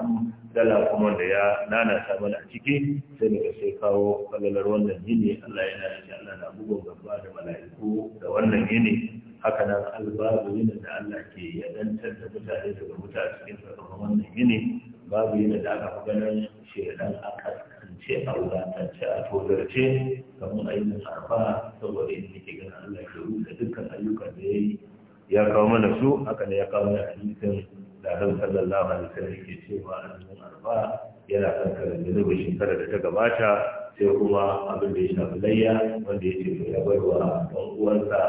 Speaker 1: dala kuma da ya nanata mana a ciki sai daga sai kawo kalalar wannan yini Allah yana da shi Allah na bugun gaba da mala'iku da wannan yini haka nan albabu yini da Allah ke yadantar da mutane daga mutane cikin sakamakon wannan yini babu yini da aka fi ganin shaidan a kaskance a wulatance a tozarce kamar ayyukan sarfa saboda yadda ke gana Allah ke da dukkan ayyukan da ya ya kawo mana su haka ne ya kawo mana hadisin da sallallahu alaihi wasallam yake cewa azumin arba yana kankare zunubin shekara da ta gabata sai kuma abin da ya shafi layya wanda ya ce ya bai wa ɗan uwansa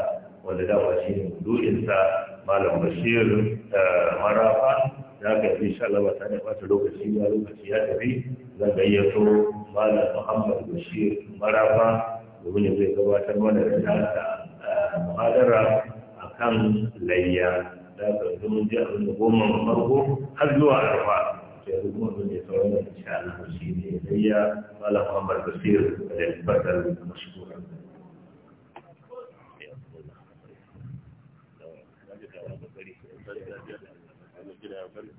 Speaker 1: wanda dama shi ne mulu'insa malam bashir eh, marafa ya ga shi sha Allah ta da bata lokaci ya lokaci ya tafi zan gayyato malam muhammad bashir marafa domin ya zai gabatar mana da ta eh, muhadara akan layya ذاك يقوم جاء يقوم مرضه هل هو عرفا يقوم من يتولى إن شاء الله مسيح إلي قال عمر بصير البدل مشكورا
Speaker 2: Gracias.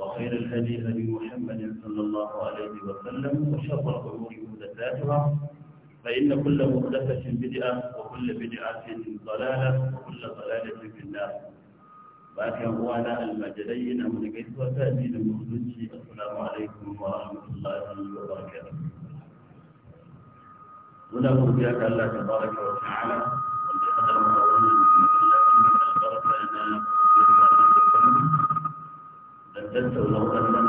Speaker 1: وخير الهدي هدي محمد صلى الله عليه وسلم وشر الامور محدثاتها فان كل محدثه بدعه وكل بدعه ضلاله وكل ضلاله في النار باكر وانا المجدين من قيس وتادين المخلصي السلام عليكم ورحمه الله وبركاته هنا godiya الله
Speaker 2: تبارك وتعالى وانت wa ta'ala من ya hada mu da wannan فتنسى ولو أن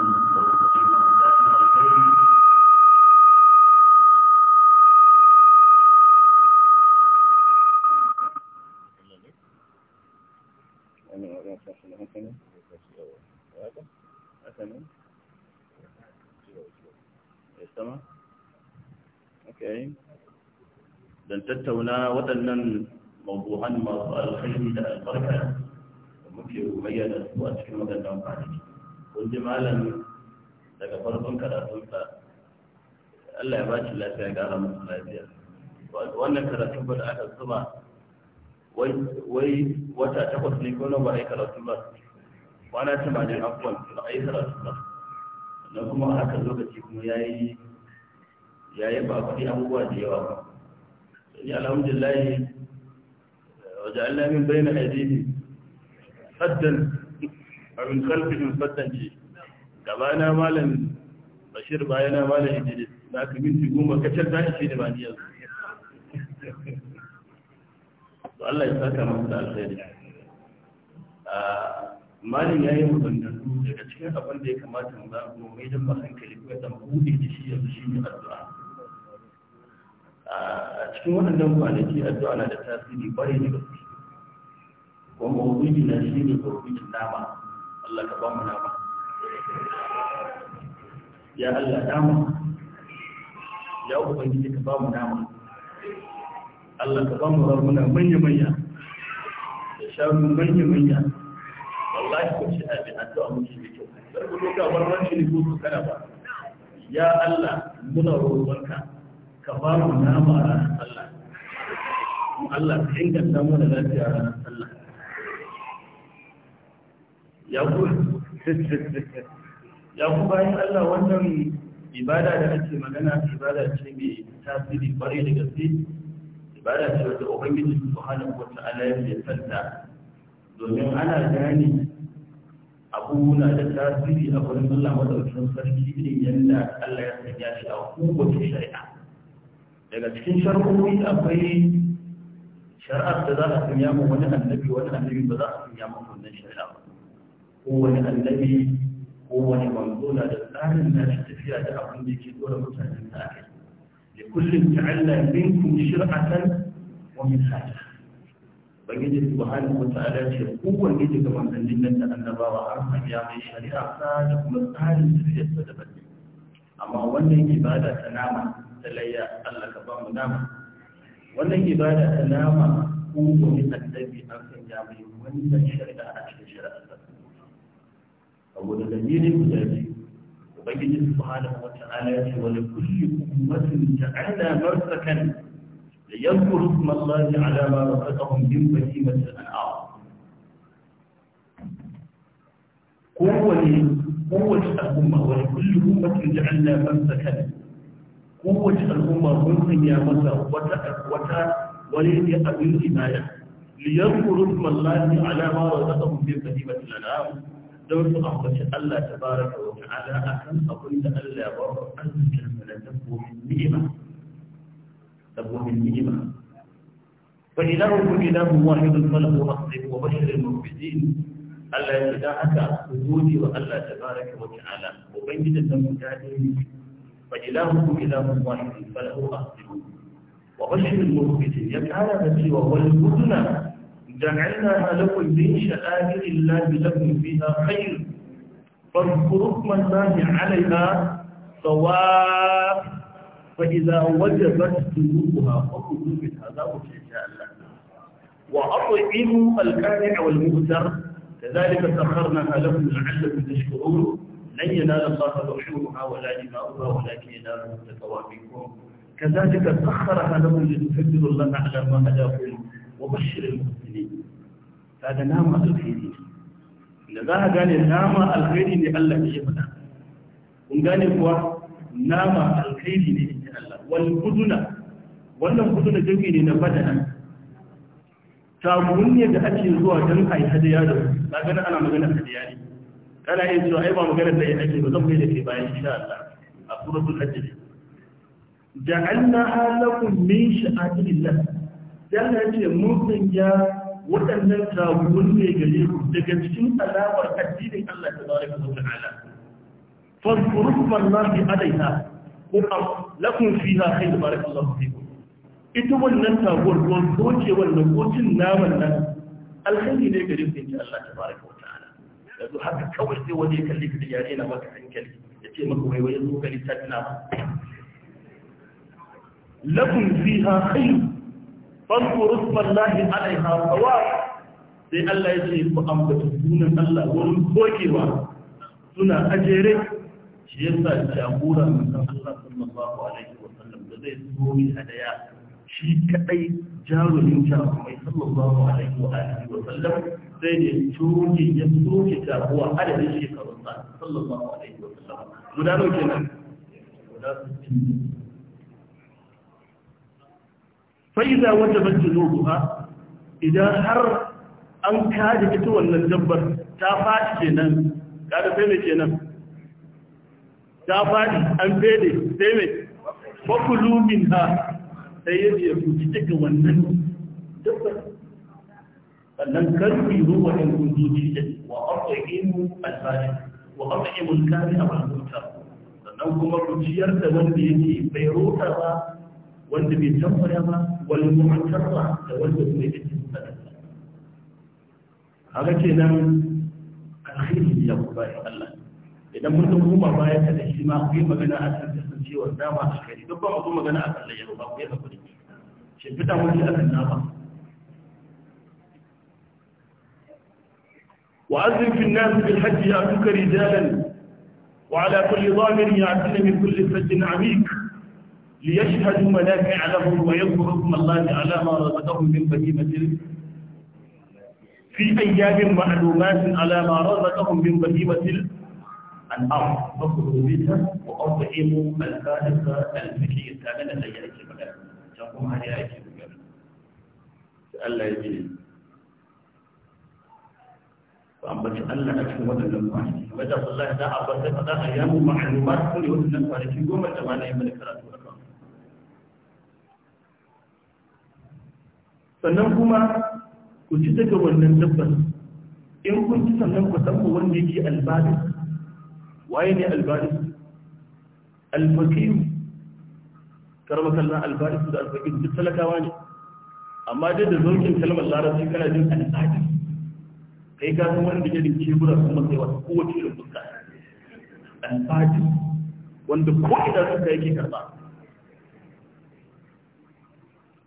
Speaker 1: don tattauna waɗannan mabuhan masu alkhairi da albarka da muke bayyana su a cikin waɗannan kwanaki kun ji daga farkon karatunsa Allah ya bashi lafiya gara musu lafiya wannan karatun ba da aka zuma wai wata takwas ne ko nan ba a yi karatu ba kwana tamanin abubuwan ba a yi karatu ba na kuma haka lokaci kuma ya yi ya yi ba abubuwa da yawa ba ni alhamdulillah wajen Allah min bayyana aidini haddan a min kalfin Gaba na malam bashir bayana malam idris na ka minti goma kacar ta ishe da bani yanzu to Allah ya saka masa da alheri malin ya yi maganganu daga cikin abin da ya kamata mu zaɓo mai don ba hankali ko ɗan buɗe da shi yanzu shi ne addu'a a cikin waɗannan kwanaki addu'a na da tasiri ƙwarai da gaske kuma mawuzi na shi ne mawuzin nama Allah ka ba mu nama ya Allah nama ya ubangiji ka ba mu nama Allah ka ba mu ramuna manya-manya da shanu manya-manya wallahi ko shi a bi addu'a muke da kyau sai ku doka barban shi ne ko su kana ba ya Allah muna roƙonka ka ba mu nama ranar Allah Allah ka inganta mu da lafiya ranar Allah *laughs* ya ku bayan Allah wannan ibada da ake magana ibada ce mai tasiri kwarai da gaske ibada ce wata ubangiji su hana wata alayar da santa domin ana gane abubuwa na da tasiri a wurin Allah madaukakin sarki irin yadda Allah ya sanya shi a kowace shari'a daga cikin shari'o'i akwai shari'ar da za a sanya mu wani annabi wani annabi ba za a sanya mu wannan shari'a ba kowane annabi kowane manzo na da tsarin na shi tafiya da abin da ke dora mutanen da aka yi da kullum ta'alla minkum shir'atan wa minhaja ubangiji subhanahu wa ta'ala ce kowanne daga manzannin nan da annabawa har ya mai shari'a ta da kuma tsarin tafiyarsa da bakin amma wannan ibada ta nama ta layya Allah ka ba mu nama wannan ibada ta nama kowanne annabi an san ya mai wannan shari'a da dalilin guda biyu ubangiji subhanahu wa ta'ala ya ce wa li kulli ummatin ja'alna marsakan da yadhkuru isma Allahi ala ma razaqahum min bahimati al-an'am kowace kowace al'umma wa li kulli ummatin ja'alna marsakan kowace al'umma mun sanya masa wata wata wani ne abin ibada li yadhkuru isma Allahi ala ma razaqahum min bahimati al-an'am don su ambaci Allah ta bara da wata ala a kan abin da Allah ya ba ku arzikin da dabbobin ni'ima dabbobin ni'ima fa ilahu ilahu wahidun falahu aqrib wa bashiril mu'minin Allah ya ta haka ku gode wa Allah ta bara da wata ala ubangijin da mun dade ne fa ilahu ilahu wahidun falahu aqrib wa bashiril mu'minin ya ƙara da cewa wal mutuna جعلناها لكم من شآئر الله لكم فيها خير اسم الله عليها صواب فإذا وجبت جنوبها فخذوا من هذا إن شاء الله وأطعموا الكارع والمؤثر كذلك سخرناها لكم لعلكم تشكرون لن ينال الله لحومها ولا دماؤها ولكن ينال تقوى كذلك سخرها لكم لتكبروا الله على ما هداكم wa bashirin هذا kaga nama alkhairi da za a gane nama alkhairi ne Allah ne faɗa kun gane kuwa nama alkhairi ne ne Allah jirgi ne na badana Ta ne da ake zuwa don a yi hadiya da su na gani ana magana hadiya ne kana yin cewa ai ba magana da ya ake ba zan da ke bayan insha Allah a suratul hajj ja'alna halakum min sha'atillah yalla ya ce mun ya waɗannan taguwun ne gare ku daga cikin alamar addinin Allah ta baraka wa ta'ala fadhkuru Allah bi alaiha ko lakum fiha khayr barakallahu fikum ita wannan taguwar ko doke wannan ko cin naman nan alkhairi ne gare ku inji Allah ta baraka wa ta'ala yanzu haka kawai sai wani ya kalli da yare na maka hankali ya ce maka wai wai zo ka littafi na lakum fiha khayr fankuru fallahi alaiha sawa sai Allah ya ce ku ambata sunan Allah wurin kokewa suna ajere shi yasa jagora musan Allah sallallahu alaihi wa sallam da zai tsomi hadaya shi kadai jarumin jarumai sallallahu alaihi wa alihi wa sallam sai ne tsoke ya tsoke jaruwa adadin shekarun sa sallallahu alaihi wa sallam guda nau kenan guda 60 fa'iza wata bacci zuwa idan har an kaji ita wannan dabbar ta faɗi kenan kada sai kenan ta faɗi an fede sai mai fakulu min ha sai ya ce daga wannan dabbar sannan karfi ruwa ɗan kundu ce wa ƙarfa imu alfari wa ƙarfa imu kari a ɓarnuta sannan kuma ku ciyar da wanda yake bai rota ba wanda bai tambaya ba والمعتره تولد نعم من البلد هذا كنا اخيه اليوم باي الله اذا كنت مقوم باي تدعي ما في مغنى اكل تسجي والدام اخر دبا مقوم مغنى اكل لي يوم باي اكل شبتا مولي اكل نابا وأذن في الناس بالحج يأتوك رجالا وعلى كل ضامر يعدن من كل فج عميق ليشهدوا منافع لهم ويذكروا اسم الله على ما رزقهم من بهيمة في أيام معلومات على ما رزقهم من بهيمة الأرض فخذوا منها وأطعموا الفارس الفكي الثامن الذي يأتي الملائكة جاءكم هل يأتي الملائكة سأل الله يبيني فأما سأل الله أكثر ودى الله فجأة الله ده أبا سيطة ده أيام معلومات كل يوم الناس فارسي يوم الجمال يمن الكراسي sannan kuma ku ci daga wannan dabbar in kun ci sannan ku san wanda yake albadis waye ne albadis alfakiru karba kallon albadis da alfakiru duk talakawa ne amma dai da zaukin kalmar larabci kana jin albadis kai ka san wanda yake da kebura kuma kai wata kowace irin fuska albadis wanda ko idan suka yake karba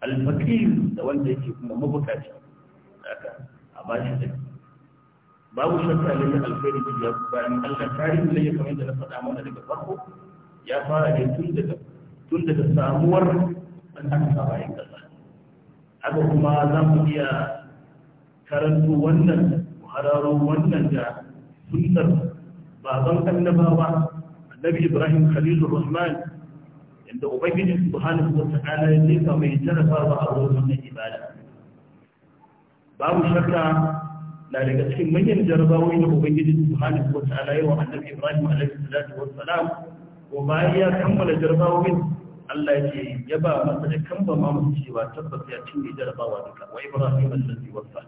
Speaker 1: alfakir da wanda yake kuma mabukaci haka a ba shi da babu shakka ne da alkhairi da ya bayan Allah tarihi ne kamar yadda na faɗa mana daga farko ya fara ne tun daga tun daga samuwar dan aka bayan kasa haka kuma za mu iya karanto wannan hararon wannan da sunnar baban annabawa annabi Ibrahim Khalilur Rahman da ubangiji subhanahu wa ta'ala ya nika mai jarabawa a wurin wannan ibada babu shakka na daga cikin manyan jarabawoyi da ubangiji subhanahu wa ta'ala ya wa annabi ibrahim alaihi salatu wa salam ko bayan ya kammala jarabawoyin Allah ya ya ba masa da kamba ma musu cewa tabbas ya cinye jarabawa duka wa ibrahim allazi wasa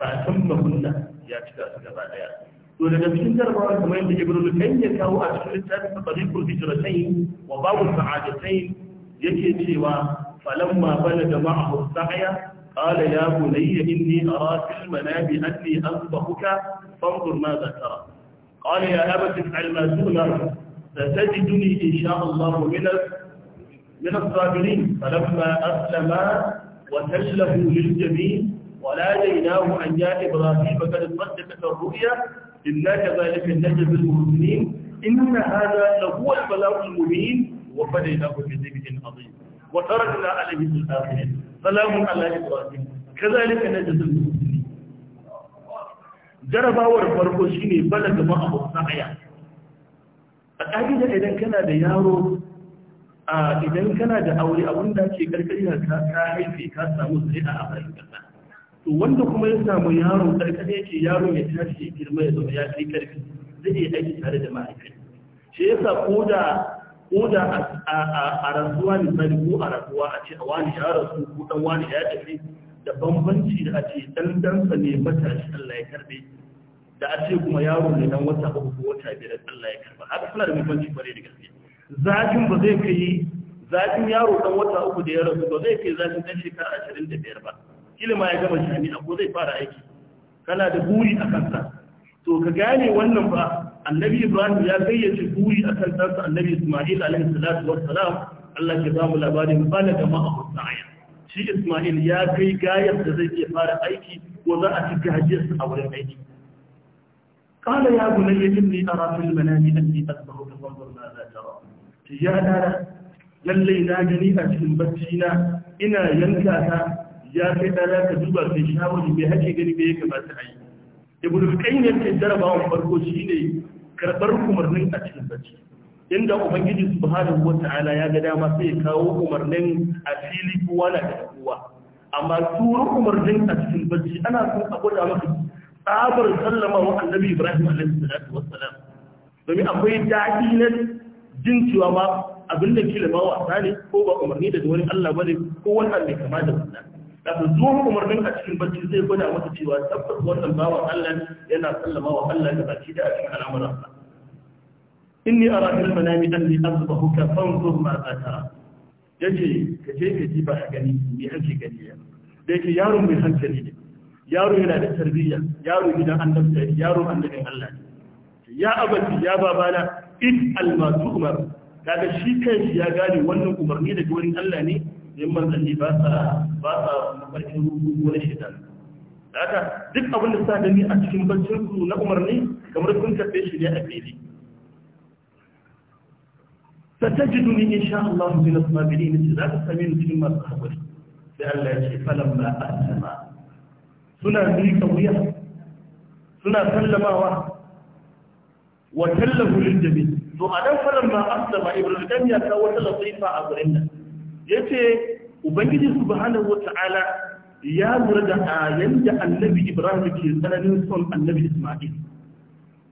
Speaker 1: fa tamma kunna ya cika su gaba daya to daga cikin jarabawa kamar yadda ibn kai ya kawo a cikin littafin tariqul hijratain wa babu sa'adatain yake cewa falamma balaga ma'ahu sa'ya qala ya bunayya inni ara fil manami anni asbahuka fanzur madha tara qala ya abati if'al ma tu'mar satajiduni insha Allah min من الصابرين فلما أسلم وتله للجبين وناديناه أن يا إبراهيم قد صدقت الرؤيا inna kadhalika najzil muhsinin inna hadha la huwa al-bala'ul mubin wa fadaynahu bi dhibhin adhim wa tarakna alayhi fil akhirin salamun ala ibrahim kadhalika najzil muhsinin jarabawar farko shine balaga ma'abu sa'aya a ƙa'ida idan kana da yaro idan kana da aure abinda ke karkari ka haife ka samu zuri'a a farin to wanda kuma ya samu yaron karkar yake yaron ya tashi ya girma ya zama ya kai karfi zai iya aiki tare da ma'aikai shi yasa koda koda a rasuwa misali ko a rasuwa a ce a wani ya rasu ko dan wani ya tafi da bambanci da a ce dan dansa ne matashi Allah ya karbe da a ce kuma yaro ne dan wata uku ko wata biyar Allah ya karba haka suna da bambanci bare da gaske zafin ba zai kai zafin yaro dan wata uku da ya rasu ba zai kai zafin dan shekara 25 ba ilima ya gama jami'a abu zai fara aiki kana da buri a kansa to ka gane wannan ba annabi ibrahim ya gayyace buri a kan annabi ismail alaihi salatu wassalam allah ke bamu labarin bala da ma'ahun sa'aya shi ismail ya kai gayar da zai iya fara aiki ko za a ci gajiyarsa a wurin aiki قال يا بني إني أرى في المنام أني أسبحك فانظر ماذا ترى يا نانا lallai na gani a cikin na. ina yanka ta ya kai dana ka duba kai shawari mai hake gani mai ya kamata a yi ibn qayyim ke jarabawan farko shine karbar umarnin a cikin bacci inda ubangiji subhanahu wata'ala ya ga dama sai kawo umarnin a fili kowa na da kowa amma tura umarnin a cikin bacci ana son a gwada maka tsabar sallama wa annabi ibrahim alaihi salatu wassalam domin akwai daɗi na jin cewa ma abin da ke lamawa wasa ne ko ba umarni daga wani allah bane ko wannan mai kama da wannan kafin Umar umarnin a cikin barci zai gwada masa cewa tabbas wannan bawan Allah yana sallama wa Allah da baki da a cikin al'amuransa inni ara fil manami anni azbahuka fanzur ma za tara yace ka je ka ji ba ka gani me ake gani ya da yake yaron mai hankali ne yaro yana da tarbiyya yaro gidan annabi yaro annabin Allah ya abati ya babana in almasu umar kaga shi kai ya gane wannan umarni daga wurin Allah ne yin manzanni ba sa ba sa mafarkin rubu na shaitan haka duk abin da sa gani a cikin baccin su na umarni kamar sun karɓe shi ne a fili satajiduni insha Allah min as-sabirin za ka sami ni cikin masu hakuri sai Allah ya ce ba falamma aslama suna ka wuya suna sallamawa wa tallahu lil jami to a dan a aslama ibrahim ya kawo wata latifa a gurin nan yace ubangiji subhanahu wata'ala ya lura da ayan da annabi ibrahim ke tsananin son annabi isma'il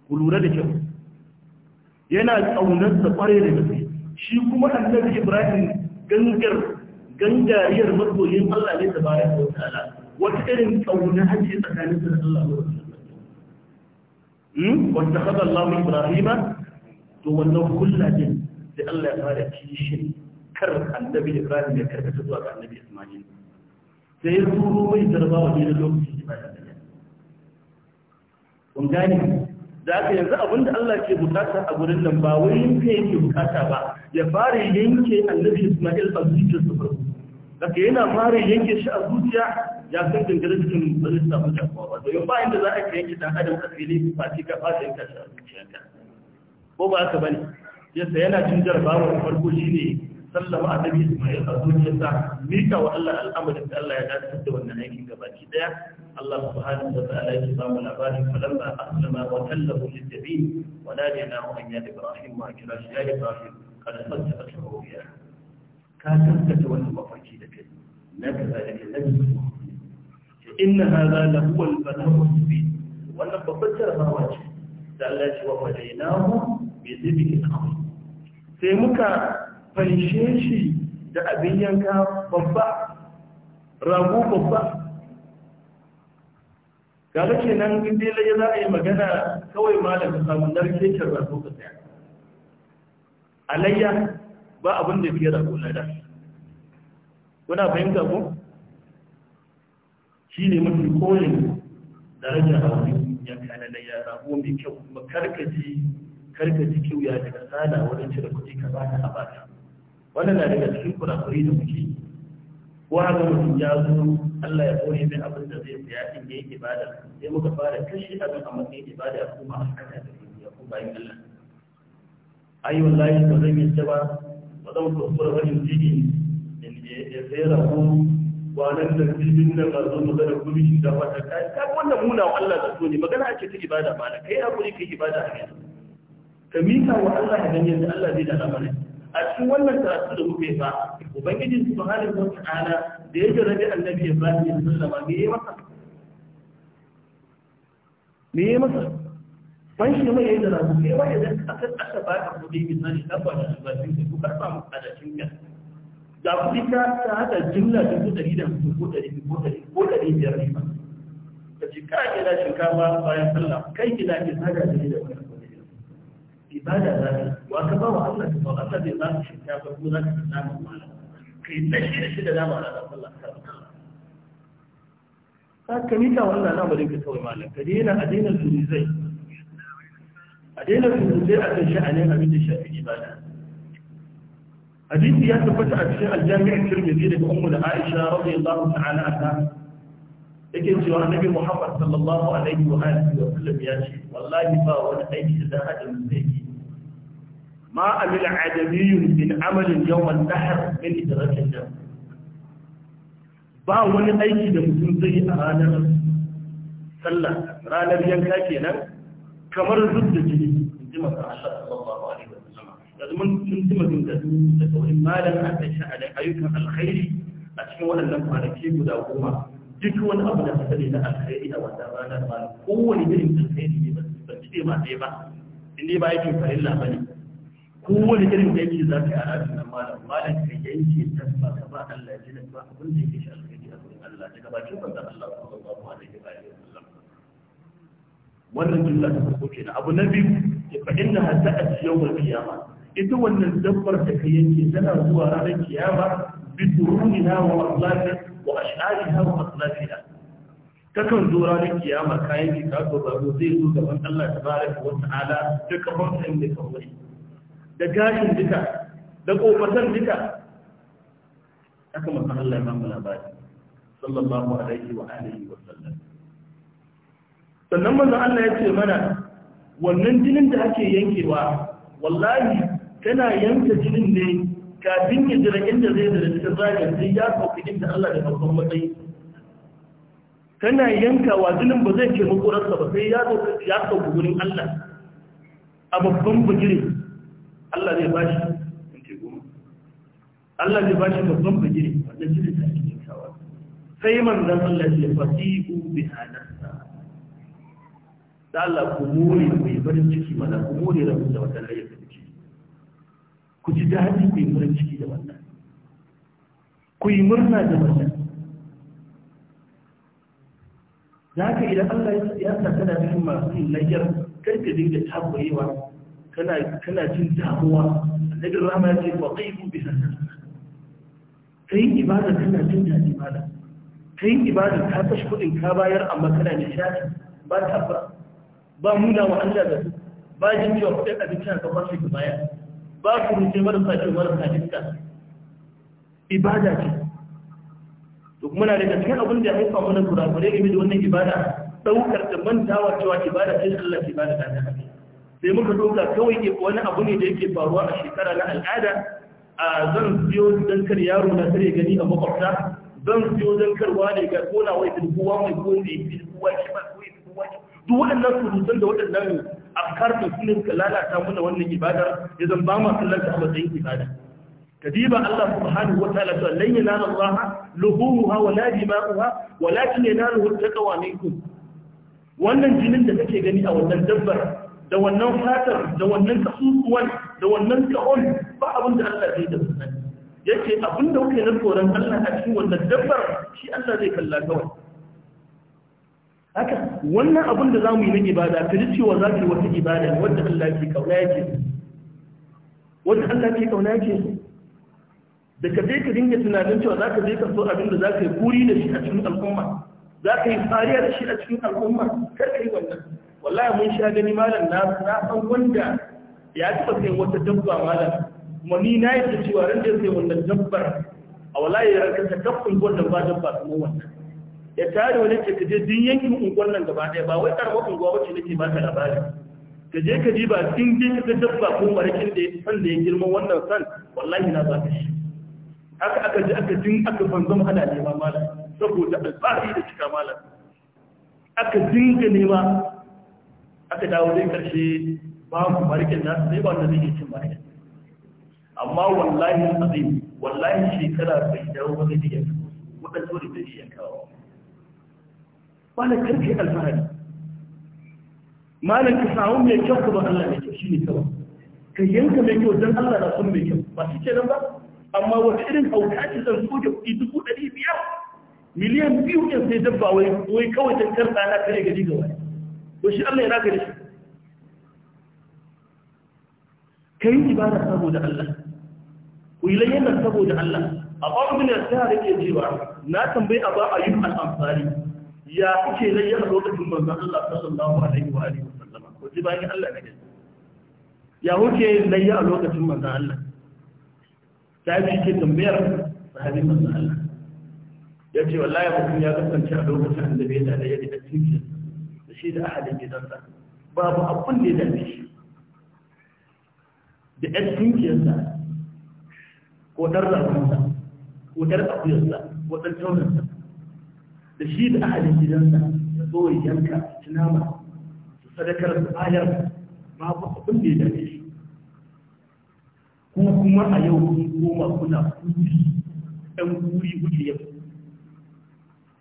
Speaker 1: ku lura da kyau yana kaunar sa kware da gaske shi kuma annabi ibrahim gangar gangariyar masoyin Allah ne tabaraka wa ta'ala wata irin kauna hace tsakanin sa da Allah wa ta'ala hmm? wata kada Allah Ibrahim to wannan kullatin da Allah ya fara kishin kar annabi ibrahim ya karkata zuwa ga annabi ismail sai ya turo mai jarabawa ne na lokaci da bayan da kun gane da aka yanzu abinda Allah ke bukata a gurin nan ba wai yanke yake bukata ba ya fara yanke annabi ismail a zuciyar su farko daga yana fara yanke shi a zuciya ya san dangane cikin bazin samun shakuwa ba domin ba inda za a ka yanke dan adam a fili ba ci ka fara yanka shi a zuciyarka ko ba haka bane yasa yana cin jarabawar farko shi ne. sallama annabi Ismail a zuciyarsa mika wa Allah al'amarin da Allah ya dace da wannan aikin gabaki daya Allah subhanahu wa ta'ala ya ba mu labarin falamma aslama wa tallahu lil jabin wa nadina wa an ya Ibrahim wa kira shi ya Ibrahim kada sanya ta ruwiya ka tantance wannan mafarki da kai na kaza da kai nabi inna hadha la huwa al-balagh al-mubin wannan babban jarabawa ce da Allah ya ce wa fadainahu bi dhibhin sai muka fanshe shi da abin yanka babba rabu babba gaba ke nan inda ya za a yi magana kawai malamin samun narkekin rabu ka tsaya alayya ba abin da fiye da kuna da kuna fahimta ko shi ne mafi koyin darajar rago yanka na layya mai kyau kuma karkaji karkaji kyau ya daga sana wadancin da kuɗi ka ba ta a bata wannan na daga cikin kurakuri da muke ko haka mutum ya zo Allah ya kore mai abin da zai saya in yayi ibada sai muka fara kashi abin a matsayin ibada kuma a haka da ya ku bayan Allah ai wallahi ba zan yi ba ba zan kuskura wajen jini ya sai rahu kwanan da jirgin nan ba zo da kuma shi da wata kai ka wannan muna wa Allah zato ne magana ce ta ibada ba na kai hakuri kai ibada a yanzu ka mika wa Allah a ganyen da Allah zai da lamarin a cikin wannan karatu da kuke fa ubangiji subhanahu wataala da ya jarabi annabi ibrahim sallama me yayi masa me yayi masa ban shi mai yayi da rabu kai ba idan aka aka ba ka kudi misali ka ba shi ba ku karba mu kada cin ka da kudi ka ta hada jumla da dari da ku ko dari ko da biyar ne ba kaji ka kira shinkafa bayan sallah kai kina ki sada da ni da ibada za ka wa ka ba wa Allah ka ba Allah bai za ka shirka ba ko za ka ta samu malam kai tashi da shi da dama ana Allah ka ka ka mita wannan lamarin ka kawai malam ka daina a daina zai a daina zai a kan sha'anin abin da shafi ibada hadisi ya tabbata a cikin aljami'ar tirmidhi daga ummu da aisha radiyallahu ta'ala anha yake cewa annabi Muhammad sallallahu alaihi wa alihi wa sallam ya ce wallahi ba wani aiki da hadin zai yi ma amila adamiyyun min amalin yawmal dahr min idrakin da ba wani aiki da mutum zai a ranar sallah ranar yanka kenan kamar zub da jini in ji masa Allah sallallahu alaihi wa sallam sun ji mutum da da kawai malam an ayyukan alkhairi a cikin waɗannan kwanaki guda goma duk wani abu da ka sani na alkhairi a wannan ranar ba kowane irin alkhairi ne ba ba ce ma ba in ba yake farilla ba ne kowane irin yanki za ka yi a nan malam malam ka yanke tasba ka ba Allah jina ba abin da yake shi alkhairi a gurin Allah daga bakin manzon Allah sallallahu alaihi wa alihi wasallam wannan jumla ta farko kenan abu na biyu fa inna hatta yawmal qiyamah ita wannan dabbar da ka yanke tana zuwa ranar kiyama bi duruniha wa aslafiha wa ash'ariha wa aslafiha takan zo ranar kiyama kayan ki ka zo zai zo gaban Allah tabaraka wa ta'ala da kafan da kawai da gashin duka da ƙofatan duka haka masan Allah ya mamu labari sallallahu alaihi wa alihi wa sallam sannan manzon Allah ya ce mana wannan jinin da ake yankewa wallahi kana yanka jinin ne kafin ya jira inda zai da cikin zagar sai ya sauka inda Allah da farkon matsayi kana yankawa jinin ba zai ke makurarsa ba sai ya sauka gurin Allah a babban bugire Allah zai bashi minti goma Allah zai bashi babban bagire wanda shi ne take kyautawa sai zan Allah ya fasiku bi hadarsa da Allah ku more mai farin ciki mana ku more rabu da wannan rayuwar ciki ku ji daɗi ku yi farin ciki da wannan ku yi murna da wannan da haka idan Allah ya sa kana cikin masu yin layyar ka dinga tabbayewa kana jin damuwa annabi rama ya ce faqihu bi hasan kai ibada kana jin daɗi ibada kai ibada ka kashe kuɗin ka bayar amma kana nishaɗi ba ta ba muna wa Allah da ba jin cewa kuɗin abinci ka kwashe ka baya. ba ku rufe marasa ce marasa iska ibada ce to kuma na daga cikin abin da ya haifa mana kurakure game da wannan ibada ɗaukar da mantawa cewa ibada ce Allah ibada ta ta sai muka doka kawai wani abu ne da yake faruwa a shekara na al'ada a zan siyo don kar yaro na tare gani a makwabta zan siyo don kar wane ga kona wai tilbuwa mai ko ne tilbuwa shi ba ko tilbuwa shi duk waɗannan surutun da waɗannan afkar da su ne suka lalata mana wannan ibada ya zan ba ma kallon ta a matsayin ibada kadiba Allah subhanahu wa ta'ala to lan yanala Allah luhumuha wa la dima'uha walakin yanaluhu taqwa minkum wannan jinin da kake gani a wannan dabbar da wannan fatar da wannan kasusuwan da wannan kahon ba abin da Allah zai da sunan yake abinda da kuke na tsoron Allah a cikin wannan dabbar shi Allah zai kalla kawai haka wannan abin da zamu yi na ibada ka ji cewa za ka yi wata ibada wanda Allah ke kauna yake wanda Allah ke kauna yake da ka je ka dinga tunanin cewa za ka je ka so abin da za ka yi kuri da shi a cikin al'umma za ka yi fariya da shi a cikin al'umma kar ka yi wannan wallahi mun sha gani malam na na san wanda ya taba sai wata dabba malam kuma ni na yi cewa ran da sai wannan dabbar a wallahi ya ranka ta dabbun wannan ba dabba kuma wannan ya tare wani ce ka je din yankin unguwar nan gaba daya ba wai karamar unguwa wacce nake ba ta labari ka je ka ji ba din je ka dabba ko marakin da ya san da ya girma wannan san wallahi na zaka shi haka aka ji aka din aka banzan hada ne ma malam saboda alfahari da cika malam aka dinga nema aka dawo dai karshe babu barkin na sai ba wanda zai cin barkin amma wallahi azim wallahi shekara bai dawo ba zai iya wadan dole zai iya kawo wala karfi alfahari malan ka samu mai kyau ka ba Allah mai kyau shine kawai ka yanka mai kyau dan Allah na son mai kyau ba shi nan ba amma wata irin aukaci zan soke kuɗi dubu ɗari biyar miliyan biyu ɗin sai dabba wai kawai tankar tsana kare gari ga wani to shi Allah naka da shi kai ibada saboda Allah ku yi layyana saboda Allah a ɓarin da ta rike cewa na tambayi a ba a yi al'amfani ya kuke layyana lokacin banzan Allah sallallahu alaihi wa alihi wasallama ko ji bayan Allah na gani ya kuke layyana lokacin manzan Allah ta yi ke tambayar sahabi manzan Allah ya ce wallahi mutum ya kasance a lokacin annabi da ya da cikin shi da ahalin gidansa babu abin da ya dame shi da ɗan tunkiyarsa ko ɗan rakunsa ko ɗan akuyarsa ko ɗan taunarsa da shi da ahalin gidansa ya zo ya yanka ci nama su sadakar da ayar babu abin da ya dame shi ko kuma a yau kun koma kuna kuri ɗan kuri kuke yau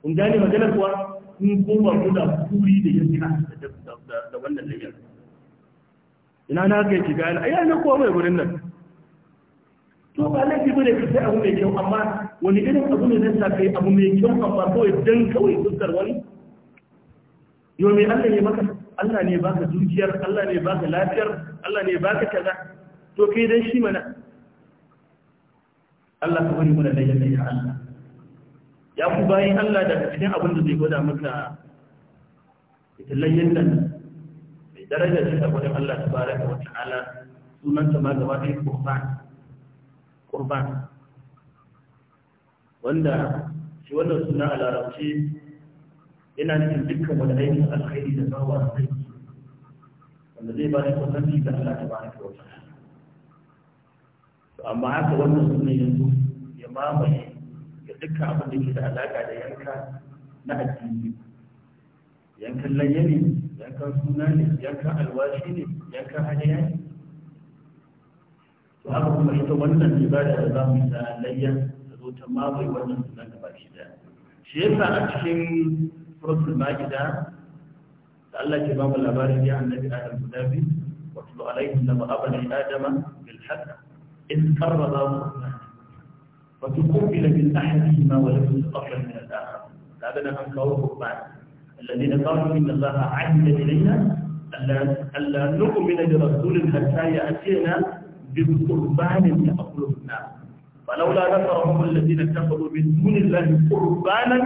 Speaker 1: kun gane maganar kuwa kun koma muna kuri da yin kina da wannan lafiyar ina na kai ki gani ai na kowa mai gurin nan to ba laifi bane ka sai abu mai kyau amma wani irin abu ne zai sa kai abu mai kyau amma kawai dan kawai fuskar wani yau mai Allah ne maka Allah ne baka zuciyar, Allah ne baka lafiyar Allah ne baka kaza to kai dan shi mana Allah ka bari mu da lafiya Allah ya ku bayan Allah daga cikin abin da zai gwada maka fitillayen nan mai daraja shi a gudun Allah ta bara ga wata ala sunanta ma gaba ɗaya kurban kurban wanda shi wannan suna a larabci yana cikin dukkan wani aikin alkhairi da zawa a kai wanda zai ba shi kusanci da Allah ta wa ta'ala. wata amma haka wannan sunan yanzu ya mamaye dukkan abin da ke da alaƙa da yanka na addini yankan layya ne yankan suna ne yankan alwashi ne yankan hadiya ne to haka kuma ita wannan ibada da za mu yi ta layya ta zo ta mamaye wannan sunan gaba shi daya shi yasa a cikin suratul ma'ida da Allah ke ba mu labarin ya annabi Adam guda biyu wa tulu alaihim naba abana adama bil haqq in qarraba وتقبل من أحدهما ولم يتقبل من الآخر هذا أن كون الذين قالوا إن الله عهد إلينا ألا نؤمن برسول حتى يأتينا بقربان تأكله الناس فلولا نصرهم الذين كفروا من دون الله قربانا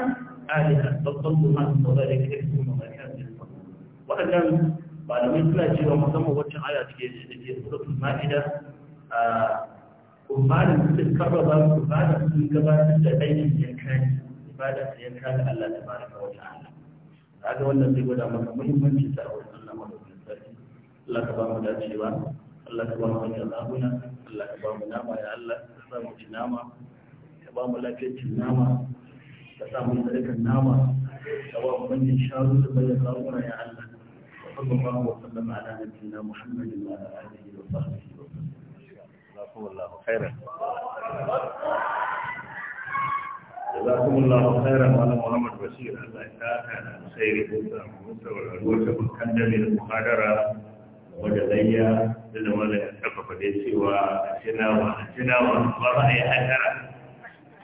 Speaker 1: آلهة فضلوا عنهم وذلك إثم ومكان وأنا بعد ما يطلع جيرو مصمم وجه آيات في سورة المائدة آه umarin sun karba ba su umarin sun gabatar da aikin ya kai ibada ta ya kai Allah ta baraka wa ta'ala kaga wannan zai gwada maka muhimmanci ta wurin Allah madaukakin sarki Allah ka ba mu dacewa Allah ka ba mu hanyar labuna Allah ka ba mu nama ya Allah ka sa mu ci nama ka ba mu lafiyar cin nama ka sa mu sadakan nama ka ba mu manyan shanu da bayan labuna ya Allah وصلى الله وسلم على نبينا محمد وعلى اله وصحبه جزاكم الله خيرا جزاكم الله خيرا وانا محمد بشير الله يسعدك على خير الاسره والمسر والعروسه والكندم المحاضره ودليا لدولة يتفق ديسي وشناوة شناوة مرة هي حسرة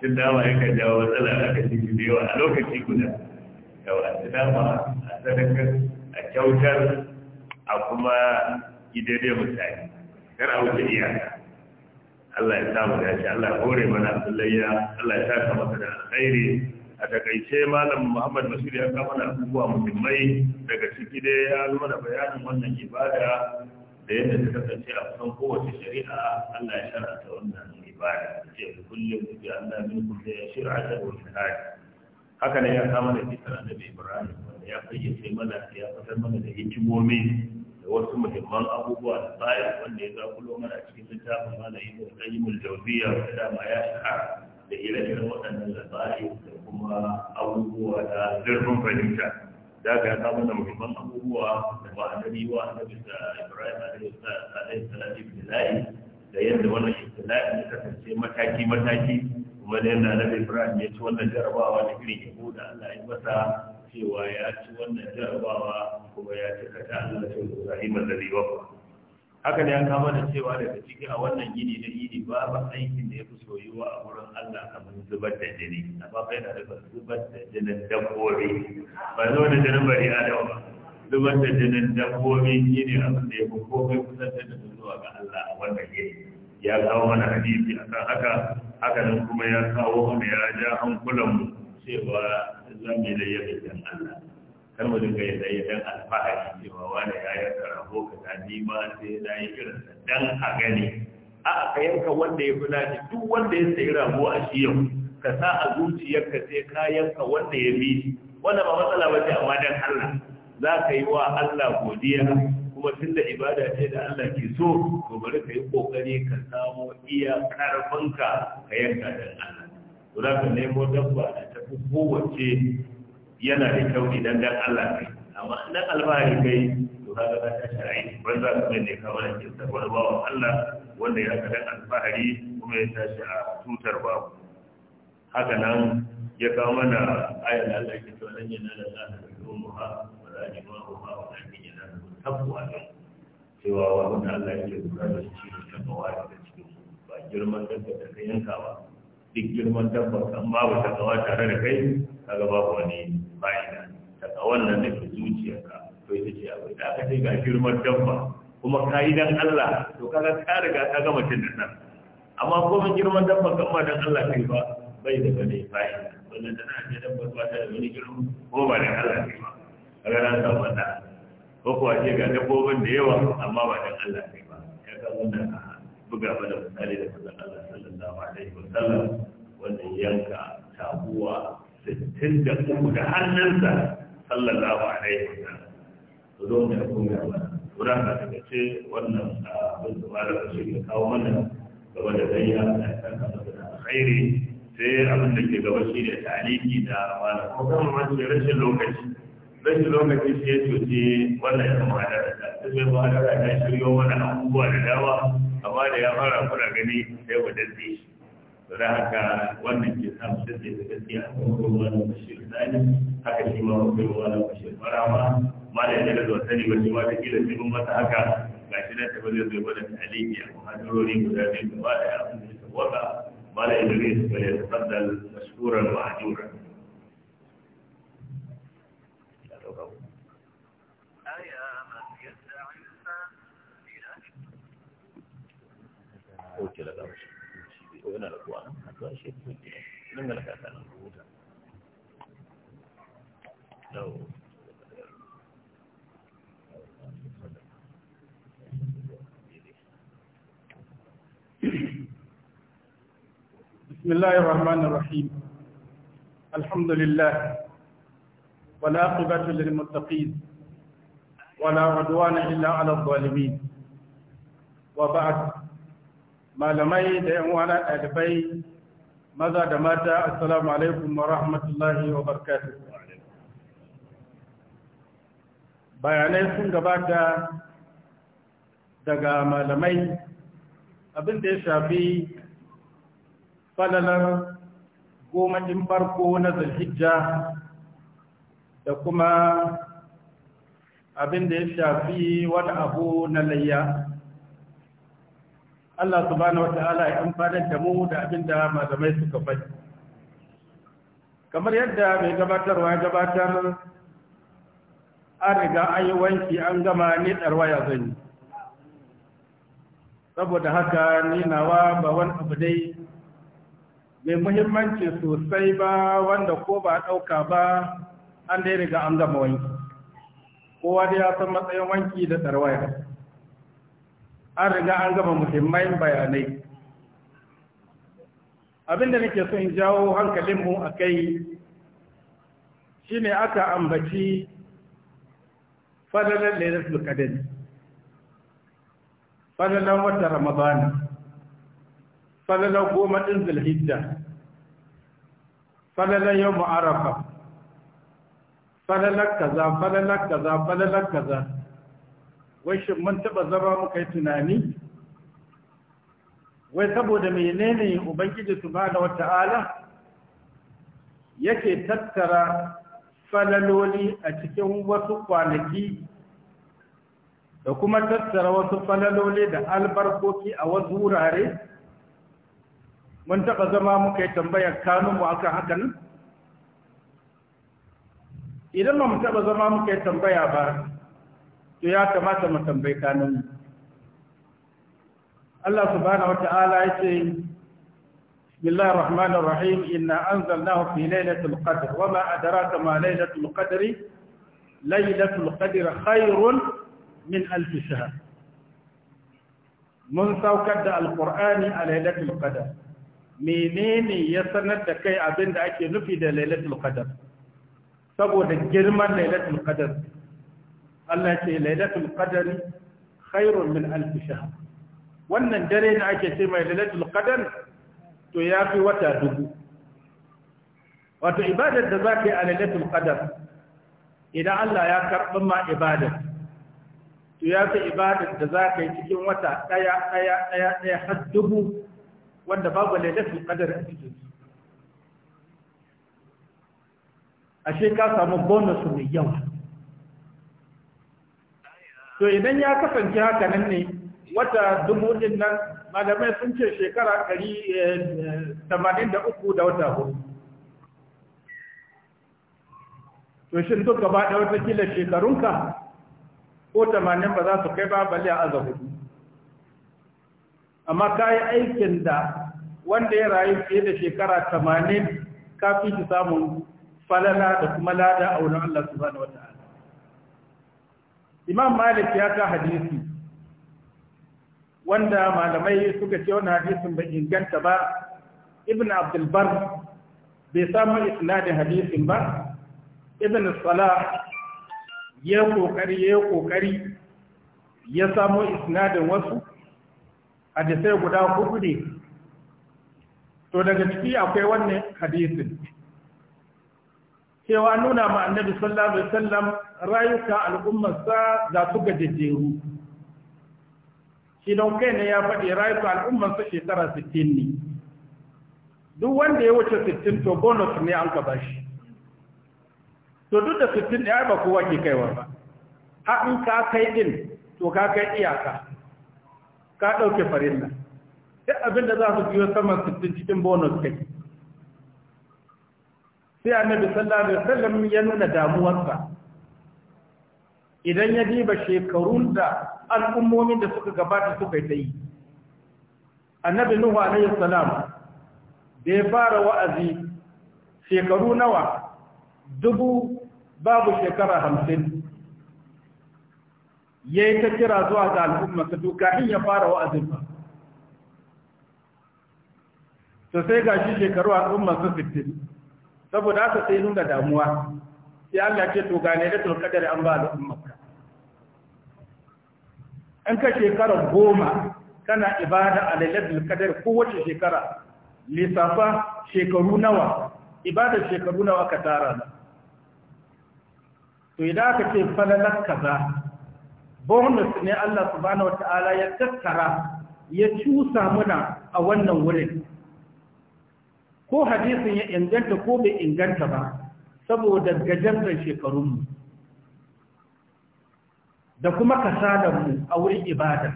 Speaker 1: شناوة هيك جاوة لا أكسي جديوة ألوك تيكونا جاوة شناوة أسدك الجوتر أو كما يدري مساعد كرأو جديا Allah ya samu dace Allah ya hore mana abdullayya Allah ya saka masa da alkhairi a takaice malam Muhammad Bashir ya kama da abubuwa muhimmai daga ciki dai ya zama da bayanin wannan ibada da yadda ta kasance a kusan kowace shari'a Allah ya shar'anta wannan ibada ce kullum bi Allah min shira shir'atan wani minhaj haka ne ya kama da fitar annabi Ibrahim wanda ya fayyace mana ya fitar mana da hikimomi da wasu muhimman abubuwa da bayan wanda ya zakulo mana cikin littafin malayi da kayyumul jauziya da dama ya shahara da ire-iren waɗannan labari da kuma abubuwa da zurfin fahimta da ga ta mana muhimman abubuwa da ba a nabi wa annabi da ibrahim alaihi salatu ibtila'i da yadda wannan ibtila'i ya kasance mataki mataki kuma da yadda annabi ibrahim ya ci wannan jarabawa da irin yabo da Allah ya masa cewa ya ci wannan jarabawa kuma ya ci kata Allah ce Ibrahim alladhi ba haka ne an kama da cewa daga ciki a wannan gini da gini ba aikin da ya fi soyuwa a wurin Allah kamar zubar da jini amma kai na daga zubar da jinin dabbobi ba zo da jinin bari adam ba zubar da jinin dabbobi gini a da ya fi komai kusantar da zuwa ga Allah a wannan gini ya kawo mana hadisi a kan haka haka nan kuma ya kawo mana ya ja mu cewa za mu yi layyar dan Allah kar mu dinga yi layyar dan alfahari cewa wani ya yanka rago ka ta nima sai na yi irin dan a gani a ka yanka wanda ya fi naci duk wanda ya sayi rago a shi yau ka sa a zuciyarka sai ka wanda ya bi wanda ba matsala ba ce amma dan Allah za ka yi wa Allah godiya kuma tun da ibada ce da Allah ke so to bari ka yi kokari ka samu iya karfinka ka yanka dan Allah to ka nemo dabba da kowace yana da kyau idan dan Allah kai amma dan alfahari kai to za ka ta shari'i ban za ka ne ka wannan kinta wani bawan Allah wanda ya ka dan alfahari kuma ya tashi a tutar babu haka nan ya kawo mana ayar da Allah ke cewa lan yana da Allah da ruha wa la jimahu ha wa la yana da ne cewa wa wanda Allah yake lura da shi da taqwa da cikin ba girman da ka yanka ba duk girman dabbar kan babu gawa tare da kai kaga babu wani fa'ida takawan nan da ke zuciya ka to ita ce abu da aka ce ga girman dabba kuma ka yi dan Allah to kaga ka riga ka gama cin da nan amma kuma girman dabba kan ma dan Allah kai ba bai da wani fa'ida wannan na ce dabbar ba ta da wani girma ko ba dan Allah kai ba kaga na san wannan ko kuwa ce ga dabbobin da yawa amma ba dan Allah kai ba kaga wannan buga mana misali da manzon Allah sallallahu alaihi wasallam wanda yanka tabuwa sittin da uku da hannunsa sallallahu alaihi wasallam to zo mu buga ba kuma da daga ce wannan ah, abin da malam shi ya kawo mana gaba da gayya da kan da khairi sai abin da ke gaba shi ne taliki da malam ko kuma rashin lokaci rashin lokaci shi ya cuci wannan ya kama da ta sai ba da ya shirya wani abubuwa da dawa amma da ya fara kuna gani sai wa dace shi da haka wannan ke sa sai dace da gaskiya a kan kowa na bashir zani haka shi ma kai wani na bashir marama ma da yadda da zuwa ba shi ma ta kila sai mun masa haka shi na tafi zai zai bada taliki a muhajirori guda biyu gaba da ya fi waka ma da yadda zai su kare da saddal mashkuran ma'ajuran بسم الله الرحمن الرحيم الحمد لله ولا قبة للمتقين ولا عدوان إلا على الظالمين وبعد malamai da yan uwa ɗalibai maza da mata assalamu alaikum wa rahmatullahi wa barakatuh bayanai sun gabata daga malamai abin da ya shafi falalar goma ɗin farko na zulhijja da kuma abin da ya shafi wani abu na layya Allah subhanahu wata'ala ya amfanar da mu da abinda malamai suka faɗi kamar yadda mai gabatarwa ya gabatar an riga an yi wanki an gama ni waya zan yi saboda haka ninawa ba wani abu dai mai muhimmanci sosai ba wanda ko ba ɗauka ba an dai riga an gama wanki kowa da ya san matsayin wanki da tsarwaya an riga an gama muhimman bayanai abinda nake so in jawo hankalinmu a kai shi ne aka ambaci fadalar lailatul qadr fadalar wata ramadana fadalar goma ɗin zulhijja fadalar yau mu'arafa fadalar kaza fadalar kaza fadalar kaza Wai shin mun taba zama muka yi tunani wai saboda menene ubangiji subhanahu wata'ala yake tattara falaloli a cikin wasu kwanaki da kuma tattara wasu falaloli da albarkoki a wasu wurare mun taba zama muka yi tambayar kanunmu akan hakan idan ba mu taba zama muka yi tambaya ba to ya kamata mu tambayi kanin Allah subhanahu wata'ala yace Bismillahir Rahmanir Rahim inna anzalnahu fi lailatul qadr wama adraka ma lailatul qadri lailatul qadri khairun min alf shahr mun saukar da alqur'ani a lailatul qadr menene ya sanar da kai abinda ake nufi da lailatul qadr saboda girman lailatul qadr Allah ce lailatul qadari khairun min alf shahr wannan dare da ake ce mai lailatul qadar to yafi wata dubu wato ibadar da zaka yi a lailatul qadar idan Allah ya karɓi ma ibadar to yafi ibadar da zaka yi cikin wata daya daya daya daya har dubu wanda babu lailatul qadar a cikin ashe ka samu bonus mai yawa to idan ya kasance haka nan ne wata dubu din nan malamai sun ce shekara ɗari eh, tamanin da uku da wata hudu to shin duk gaba da wata kila shekarunka ko tamanin ba za su kai ba bali a aza hudu amma ka yi aikin da wanda ya rayu fiye da shekara tamanin kafin shi samun falala da kuma lada a wurin Allah subhanahu wa imam malik ya ta hadisi wanda malamai suka ce wani hadisin bai inganta ba ibn abdulbar bai samu isnadin hadisin ba ibn salah ya kokari ya kokari ya samu isnadin wasu hadisai guda hudu ne to daga ciki akwai wannan hadisin cewa nuna ma annabi sallallahu alaihi wasallam rayuka al'ummarsa za su gajejjeru shi don kai ne ya faɗi rayuka al'ummarsa shekara 60 ne duk wanda ya wuce 60 to bonus ne an gaba shi to duk da 60 ya ba kowa ke kaiwa ba a in ka kai din to ka kai iyaka ka ɗauke nan duk abin da za su biyo saman 60 cikin bonus kai sai annabi sallallahu alaihi wasallam ya nuna damuwarsa idan ya diba shekarun da al'ummomin da suka gabata suka yi ta yi annabi nuhu alayhi salam bai fara wa'azi shekaru nawa dubu babu shekara hamsin ya yi ta kira zuwa ga al'umma su dukkanin ya fara wa'azin ba to sai ga shi shekaru al'umma su fitin saboda haka sai nuna damuwa sai Allah ce to gane da tulkadar an ba al'umma an ka shekara goma kana ibada a lailatul qadar kowace shekara lissafa shekaru nawa ibada shekaru nawa ka tara na to idan aka ce falalar kaza bonus ne Allah subhanahu wataala ya tattara ya cusa muna a wannan wurin ko hadisin ya inganta ko bai inganta ba saboda gajen shekarunmu da kuma mu a wurin ibada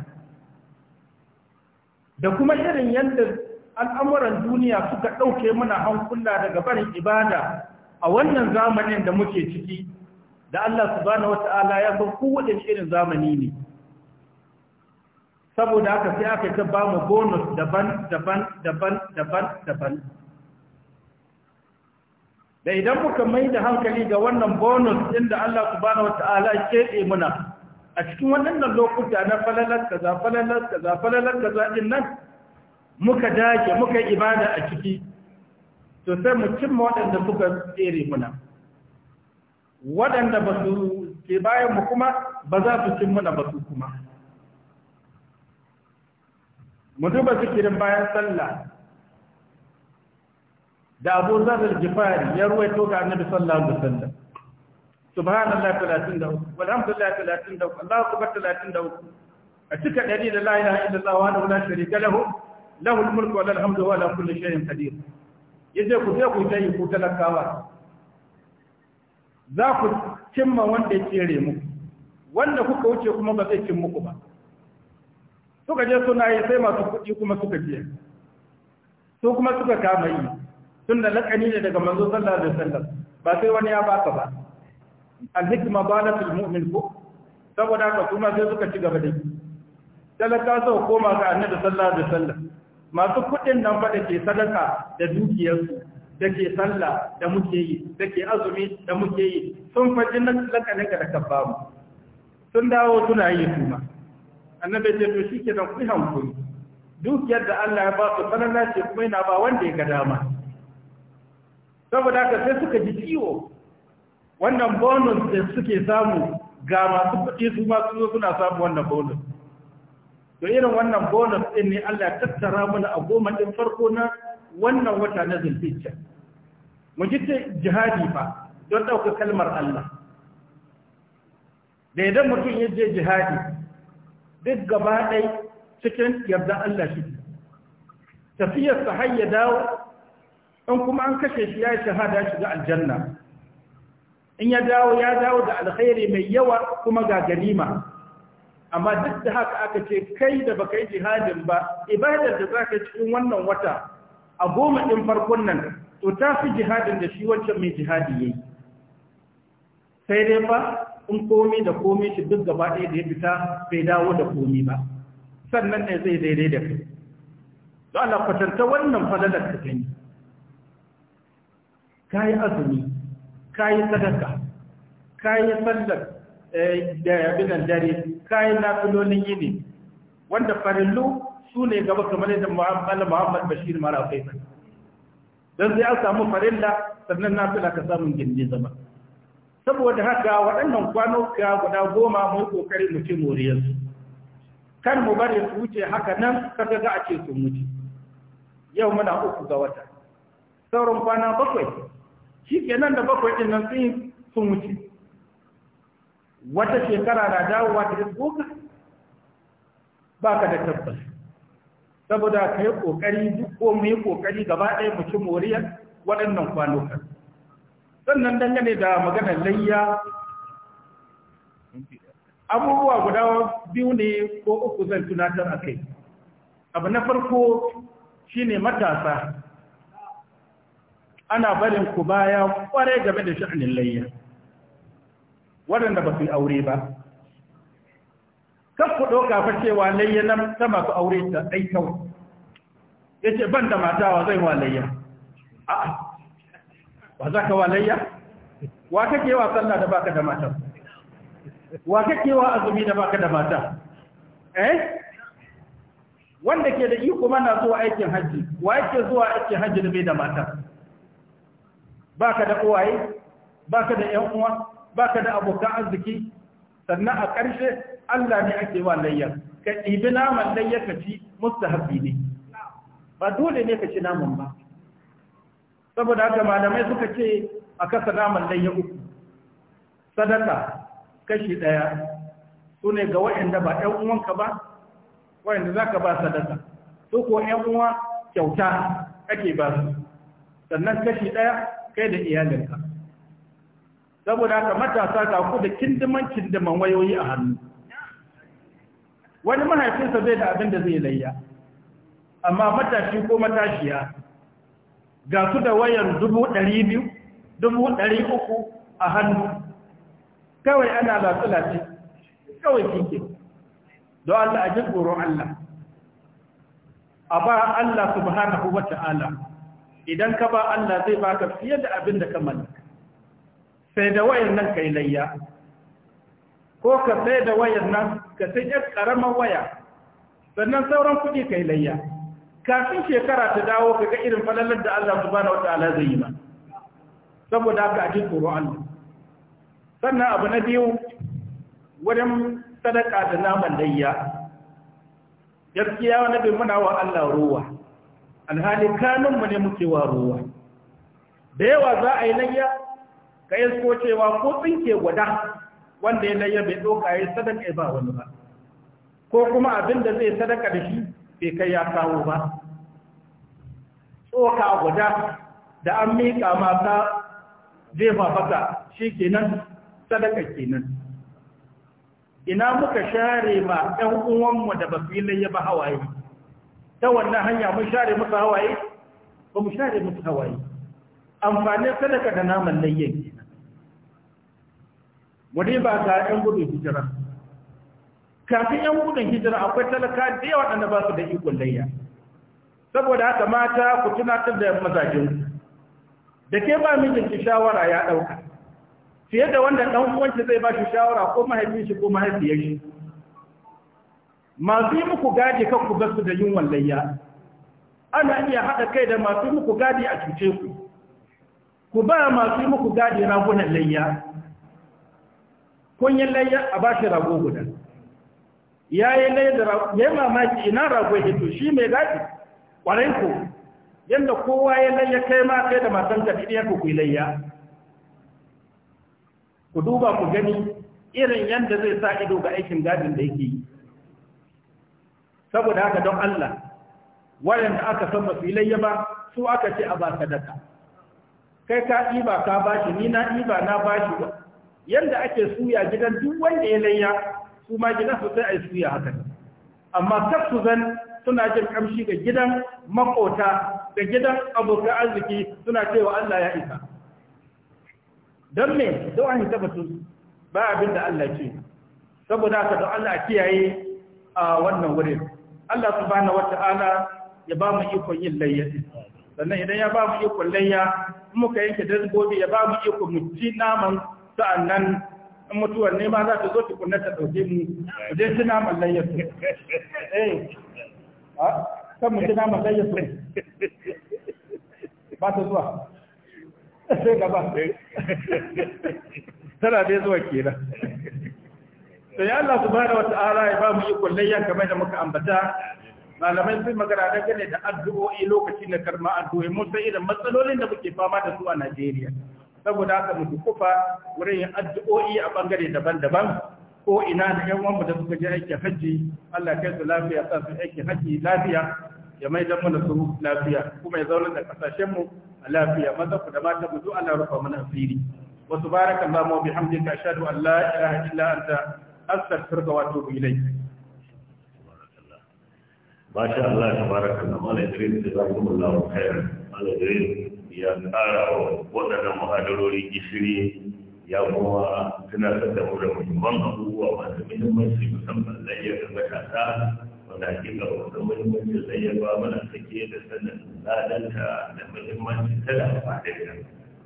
Speaker 1: da kuma irin yadda al'amuran duniya suka ɗauke mana hankula daga barin ibada a wannan zamanin da muke ciki da Allah subhanahu wata'ala ya san kowane irin zamani ne saboda haka sai aka ta ba mu bonus daban daban daban daban daban da idan muka mai da hankali ga wannan bonus inda Allah subhanahu wata'ala ya keɓe muna a cikin waɗannan lokuta na falalar kaza falalar kaza falalar kaza din nan muka dage muka ibada a ciki to sai mu cimma waɗanda suka tsere muna waɗanda ba su ke bayan mu kuma ba za su cin muna ba su kuma mu duba sikirin bayan sallah da abu zarar jifari ya ruwaito ga annabi sallallahu alaihi wasallam subhanallah 33 walhamdulillah 33 Allahu akbar 33 a cika dari da la ilaha illallah wa la sharika lahu lahu al-mulku wa lahu al-hamdu wa lahu kullu shay'in qadir yace ku sai ku tayi ku talakawa za ku cimma wanda ya tsere muku wanda kuka wuce kuma ba zai cin muku ba suka je suna yi sai masu kuɗi kuma suka biya su kuma suka kama yi tun da laƙani ne daga manzo sallallahu alaihi wasallam ba sai wani ya baka ba alhikma balatul mu'min ko saboda haka kuma sai suka ci gaba da yi talaka sau koma ga annabi sallallahu alaihi wasallam masu kuɗin nan fa da ke sadaka da dukiyarsu da ke sallah da muke yi da ke azumi da muke yi sun faɗi lakanin ga da kabbamu sun dawo suna yi tuma. annabi ce to shi ke nan kuɗi hankuri dukiyar da Allah ya ba su sanana ce kuma ina ba wanda ya ga dama saboda haka sai suka ji ciwo wannan bonus da suke samu ga masu kuɗi su ma su suna samu wannan bonus to irin wannan bonus din ne Allah tattara mana a goma din farko na wannan wata na zulhijja mu ji jihadi fa don ɗauka kalmar Allah da idan mutum ya je jihadi duk gaba ɗai cikin yarda Allah shi tafiyarsa har ya dawo in kuma an kashe shi ya shahada shiga aljanna in ya dawo ya dawo da alkhairi mai yawa kuma ga ganima amma duk da haka aka ce kai da baka yi jihadin ba ibadar da za ka cikin wannan wata a goma ɗin farkon nan to ta fi jihadin da shi wancan mai jihadi ya yi sai dai ba in komi da komi shi duk gaba ɗaya da ya fita bai dawo da komi ba sannan ne zai daidai da kai to Allah kwatanta wannan fadalar ka gani ka yi azumi kayi sadaka kayi sallar eh, da yabinan dare kayi nafilolin yini wanda farillu su ne gaba kamar yadda muhammad muhammad bashir mara kai don sai an samu farilla sannan nafila ka samun gindi zama saboda haka waɗannan kwanuka guda goma mu kokari mu ci moriyarsu kan mu bari su wuce haka nan kaga ga a ce su wuce yau muna uku ga wata sauran kwana bakwai shi nan da bakwai ɗin nan sun sun wuce wata shekara na dawowa ta iskoka ba ka da tabbas saboda ka yi ƙoƙari duk ko mu yi ƙoƙari gaba ɗaya mu ci moriyar waɗannan kwanukan sannan dangane da maganar layya abubuwa guda biyu ne ko uku zan tunatar a kai abu na farko shine matasa ana barin ku baya kware game da sha'anin layya waɗanda ba su yi aure ba kan ku ɗauka fa cewa layya nan ta masu aure ta ɗai kyau. ya ce ban da matawa zai wa layya a'a ba za ka wa layya wa kake wa sallah da baka da mata wa kake wa azumi da baka da mata eh wanda ke da iko mana zuwa aikin hajji wa yake zuwa aikin hajji da bai da mata baka da uwaye baka da ƴan uwa baka da abokan arziki sannan a ƙarshe Allah ne ake wa layya. ka ɗibi naman layyar ka ci mustahabi ne ba dole ne ka ci naman ba saboda haka malamai suka ce a kasa naman layya uku sadaka kashi ɗaya su ne ga wa'inda ba uwan ka ba wa'inda za ka ba sadaka su ko ‘yan uwa kyauta ake ba su sannan kashi ɗaya kai da iyalinka saboda haka matasa ka ku da kindiman kindiman wayoyi a hannu wani mahaifinsa bai da abin da zai layya amma matashi ko matashiya ga su da wayan dubu ɗari biyu dubu ɗari uku a hannu kawai ana latsulace kawai kike don Allah a jin tsoron Allah a ba Allah subhanahu wa ta'ala idan ka ba Allah zai baka fiye da abin da ka mallaka sai da wayar nan kai layya ko ka sai da wayar nan ka sai ya karamar waya sannan sauran kuɗi kai layya kafin shekara ta dawo ka ga irin falalar da Allah subhanahu ta'ala zai yi ma saboda haka a ji tsoro Allah sannan abu na biyu wurin sadaka da naman layya gaskiya wani bin muna wa Allah ruwa alhali kanunmu ne muke waruwa da yawa za a yi layya ka yi cewa ko tsinke guda wanda ya layya bai ɗauka ya yi sadaka ba wani ba ko kuma abin da zai sadaka da shi bai kai ya kawo ba tsoka guda da an miƙa mata jefa fafata shi kenan sadaka kenan ina muka share ma ɗan uwanmu da ba su layya ba hawaye ta wannan hanya mun share musu hawaye ba mu share musu hawaye amfanin sadaka da naman layyan wani ba ga yan gudun hijira kafin yan gudun hijira akwai talaka da yawa waɗanda ba su da ikon layya saboda haka mata ku tunatar da mazajen da ke ba ki shawara ya ɗauka fiye da wanda ɗan uwanci zai ba shi shawara ko mahaifin shi ko mahaifiyar shi masu yi muku gadi kan ku basu da yin wallayya ana iya haɗa kai da masu yi muku gadi a cuce ku ku ba masu yi muku gadi ragunan layya Kun yi layya a ba shi rago guda ya yi layya da rago ya yi mamaki ina rago ya to shi mai gadi ƙwarai ku yadda kowa ya layya kai ma kai da matan ka ɗiɗiyar ku ku layya ku duba ku gani irin yadda zai sa ido ga aikin gadin da yake yi saboda haka don Allah waɗanda aka san ba su yi ba su aka ce a ba sadaka kai ka ɗiba ka bashi ni na ɗiba na bashi ba yanda ake suya gidan duk wanda ya layya su ma gidan su sai a yi suya haka amma kar su zan suna jin kamshi ga gidan makota da gidan abokan arziki suna cewa Allah ya isa don me don an tabbatun ba abin da Allah ce saboda haka don Allah kiyaye a wannan wurin Allah subhanahu wata'ala ya ba mu ikon yin layya sannan idan ya ba mu ikon layya in muka yanke gobe ya ba mu ikon mu ci naman sa'annan in mutuwar ne ma za ta zo tukunna ta dauke mu mu je ci naman layya su eh kan mu ci naman layya su ba ta zuwa sai gaba tana dai zuwa kenan to ya Allah subhanahu wata'ala ya ba mu yi kullayya kamar da muka ambata malamai sun magana dangane da addu'o'i lokacin da karma addu'o'i mun san idan matsalolin da muke fama da su a Najeriya saboda haka mu dukufa wurin yin addu'o'i a bangare daban-daban ko ina da yan uwanmu da suka je aikin hajji Allah kai su lafiya sa su aikin hajji lafiya ya mai dan mana su lafiya kuma ya zauna da kasashen mu a lafiya maza ku da mata mu zo Allah rufa mana asiri wa subhanakallahu wa bihamdika ashhadu an la ilaha illa anta astaghfiruka wa atubu ilayk ما شاء الله تبارك الله مالا إدريس جزاكم الله خيرا مالا إدريس يا قارا وقتنا مهاجروري gishiri ya kuma tunatar da mu da muhimman abubuwa masu muhimmanci musamman layyar da matasa wanda hakika wasu muhimmancin layyar ba mana sake da sanin ladanta da muhimmanci ta da amfani da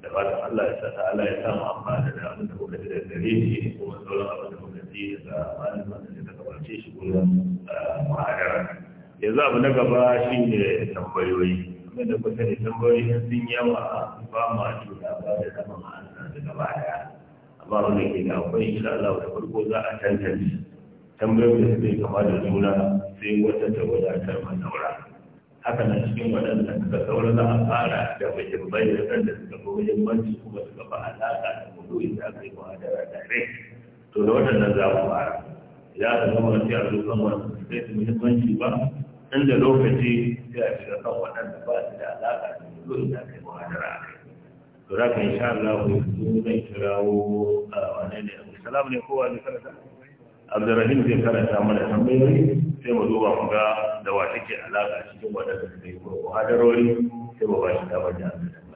Speaker 1: da ba Allah ya sa Allah ya samu amfani da abin da muka da dare. shi kuma sauran abin da kasance sabanin wanda suka gabace shi gurin muhadara yanzu abu na gaba shi ne tambayoyi kuma da kusa ne tambayoyi sun yawa ba ma juna ba da zama ma'ana da gaba daya amma wanda ke da akwai insha Allah da farko za a tantance tambayoyin da suke kama da juna sai wata ta wadatar manaura haka na cikin waɗanda suka saura za a fara da muhimmai da waɗanda suka fi muhimmanci kuma suka fi alaƙa da mudoyin da aka yi muhadara direct to da waɗannan za mu fara ya ta zama sai a zo kan wani sai su muhimmanci ba inda lokaci sai a shiga kan waɗanda ba su da alaƙa da dole da kai muhadara a kai to za ka insha Allah ku yi zai kirawo a wane ne abu salam ne kowa zai karanta Abdurrahim zai karanta mana tambayoyi sai mu duba mu ga da wa take alaƙa cikin waɗanda da Ko muhadarori sai mu ba shi damar da Allah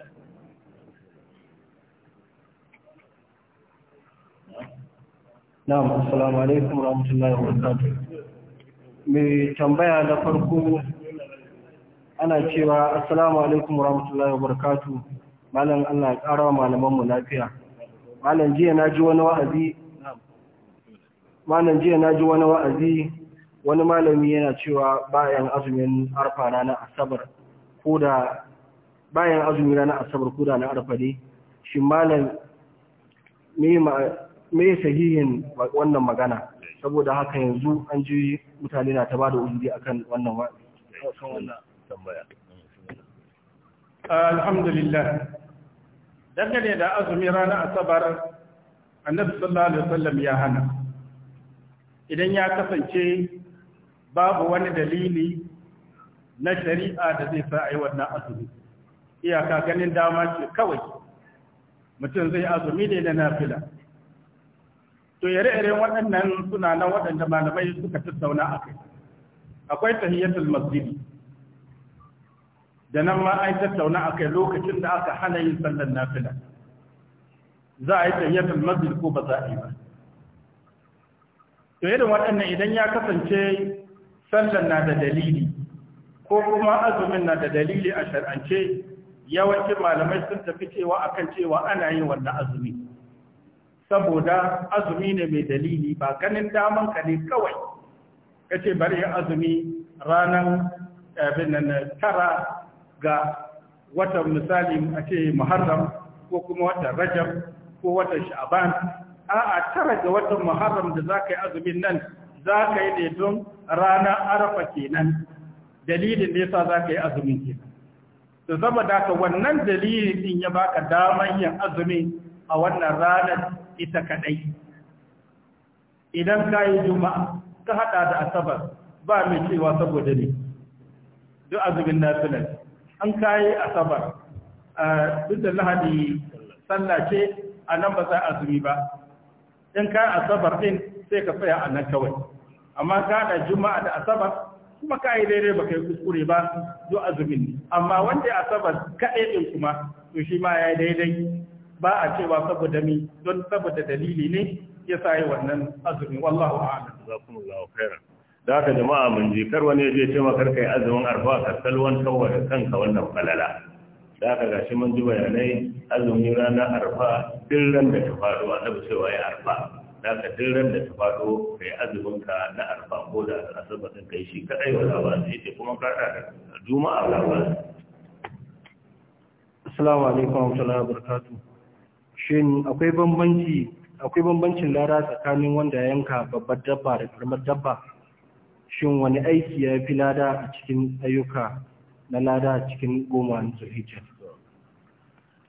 Speaker 1: na'am assalamu alaikum rahmatullahi wa barakatuh Me tambaya na farko ana cewa assalamu alaikum rahmatullahi wa barakatuh malam Allah ya ƙara malaman mu lafiya malam jiya na ji wani wa'azi malam jiya na ji wani wa'azi wani malami yana cewa bayan azumin arfa na asabar ko da bayan azumin na asabar ko da na arfa ne shi malam me mai sahihin wannan magana saboda haka yanzu an ji mutane na ta bada uzuri akan wannan tambaya alhamdulillah dangane da azumi ranar asabar annabi sallallahu alaihi wasallam ya hana idan ya kasance babu wani dalili na shari'a da zai sa ai wannan azumi iyaka ganin dama ce kawai mutum zai azumi ne na nafila to yare yare waɗannan suna nan waɗanda malamai suka tattauna a kai akwai tahiyatul masjidi da nan ma an tattauna a kai lokacin da aka hana yin sallar nafila za a yi tahiyatul masjid ko ba za a yi ba to irin waɗannan idan ya kasance sallar na da dalili ko kuma azumin na da dalili a shar'ance yawancin malamai sun tafi cewa akan cewa ana yin wannan azumin. saboda azumi ne mai dalili ba ganin daman ka ne kawai kace bari azumi ranan abin tara ga watan misali a ce muharram ko kuma watan rajab ko watan sha'ban a'a tara ga watan muharram da zaka yi azumin nan ka yi ne don rana arafa kenan dalilin da yasa zaka yi azumin kenan to saboda ka wannan dalilin din ya baka damar yin azumi a wannan ranar ita kadai idan kayi juma'a ka haɗa da asabar ba mai cewa saboda ne duk azumin nafila an kayi asabar eh, duk da lahadi sallah ce a nan ba za azumi ba in kayi asabar ɗin sai ka tsaya a nan kawai amma ka haɗa juma'a da asabar kuma ka yi daidai ba kai kuskure ba duk azumin ne amma wanda asabar kadai din kuma to shi ma ya daidai ba a cewa saboda mi don saboda dalili ne ya sa yi wannan azumi wallahu a'lam jazakumullahu khairan da haka jama'a mun ji kar wani je ce maka kai azumin arfa ka salwan kawai da kanka wannan falala da haka gashi mun ji bayanai azumin ranar arfa duk ran da ta faɗo annabi cewa ya arfa da haka duk ran da ta faɗo kai azumin ka na arfa ko da asabar din kai shi kadai wala ba sai ce kuma ka da juma'a wala ba assalamu alaikum wa rahmatullahi wa barakatuh shin akwai bambanci akwai bambancin lara tsakanin wanda ya yanka babbar dabba da karamar dabba shin wani aiki ya fi lada a cikin ayyuka na lada a cikin goma na zulhijja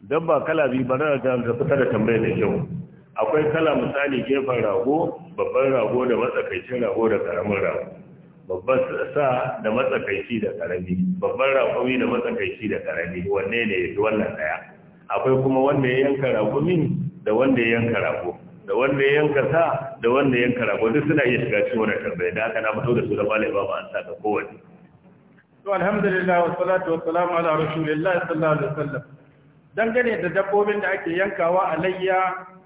Speaker 1: dabba kala biyu ba na da fitar da tambayar da kyau akwai kala misali gefen rago babban rago da matsakaicin rago da karamin rago babban sa da matsakaici da karami babban rago da matsakaici da karami wanne ne ya fi wannan daya akwai kuma wanda ya yanka rago min da wanda ya yanka rago da wanda ya yanka sa da wanda ya yanka rago duk suna iya shiga cikin wannan tambaya da haka na fito da su da malai ba an saka kowanne to alhamdulillah wa salatu wa salam ala rasulillah sallallahu alaihi wasallam dangane da dabbobin da ake yankawa alayya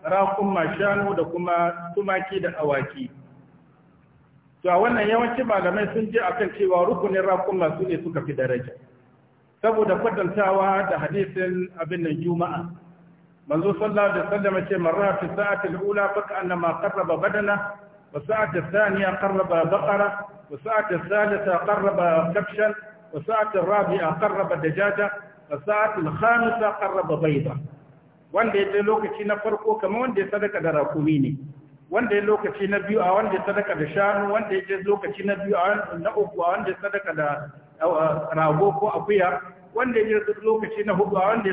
Speaker 1: rakun mashanu, da kuma tumaki da awaki to a wannan yawancin malamai sun je akan cewa rukunin rakun masu ne suka fi daraja saboda kwatantawa da hadisin abin nan juma'a manzo sallallahu alaihi wasallam ce marra fi sa'ati al-ula faka annama qarraba badana wa sa'ati ath-thaniya qarraba baqara wa sa'ati ath-thalitha qarraba kabshan wa sa'ati ar-rabi'a qarraba dajaja wa sa'ati al-khamisa qarraba bayda wanda ya lokaci na farko kamar wanda ya sadaka da rakumi ne wanda ya lokaci na biyu a wanda ya sadaka da shanu wanda ya ce lokaci na biyu a na uku a wanda ya sadaka da rago ko akuya wanda ya ce lokaci na hudu a wanda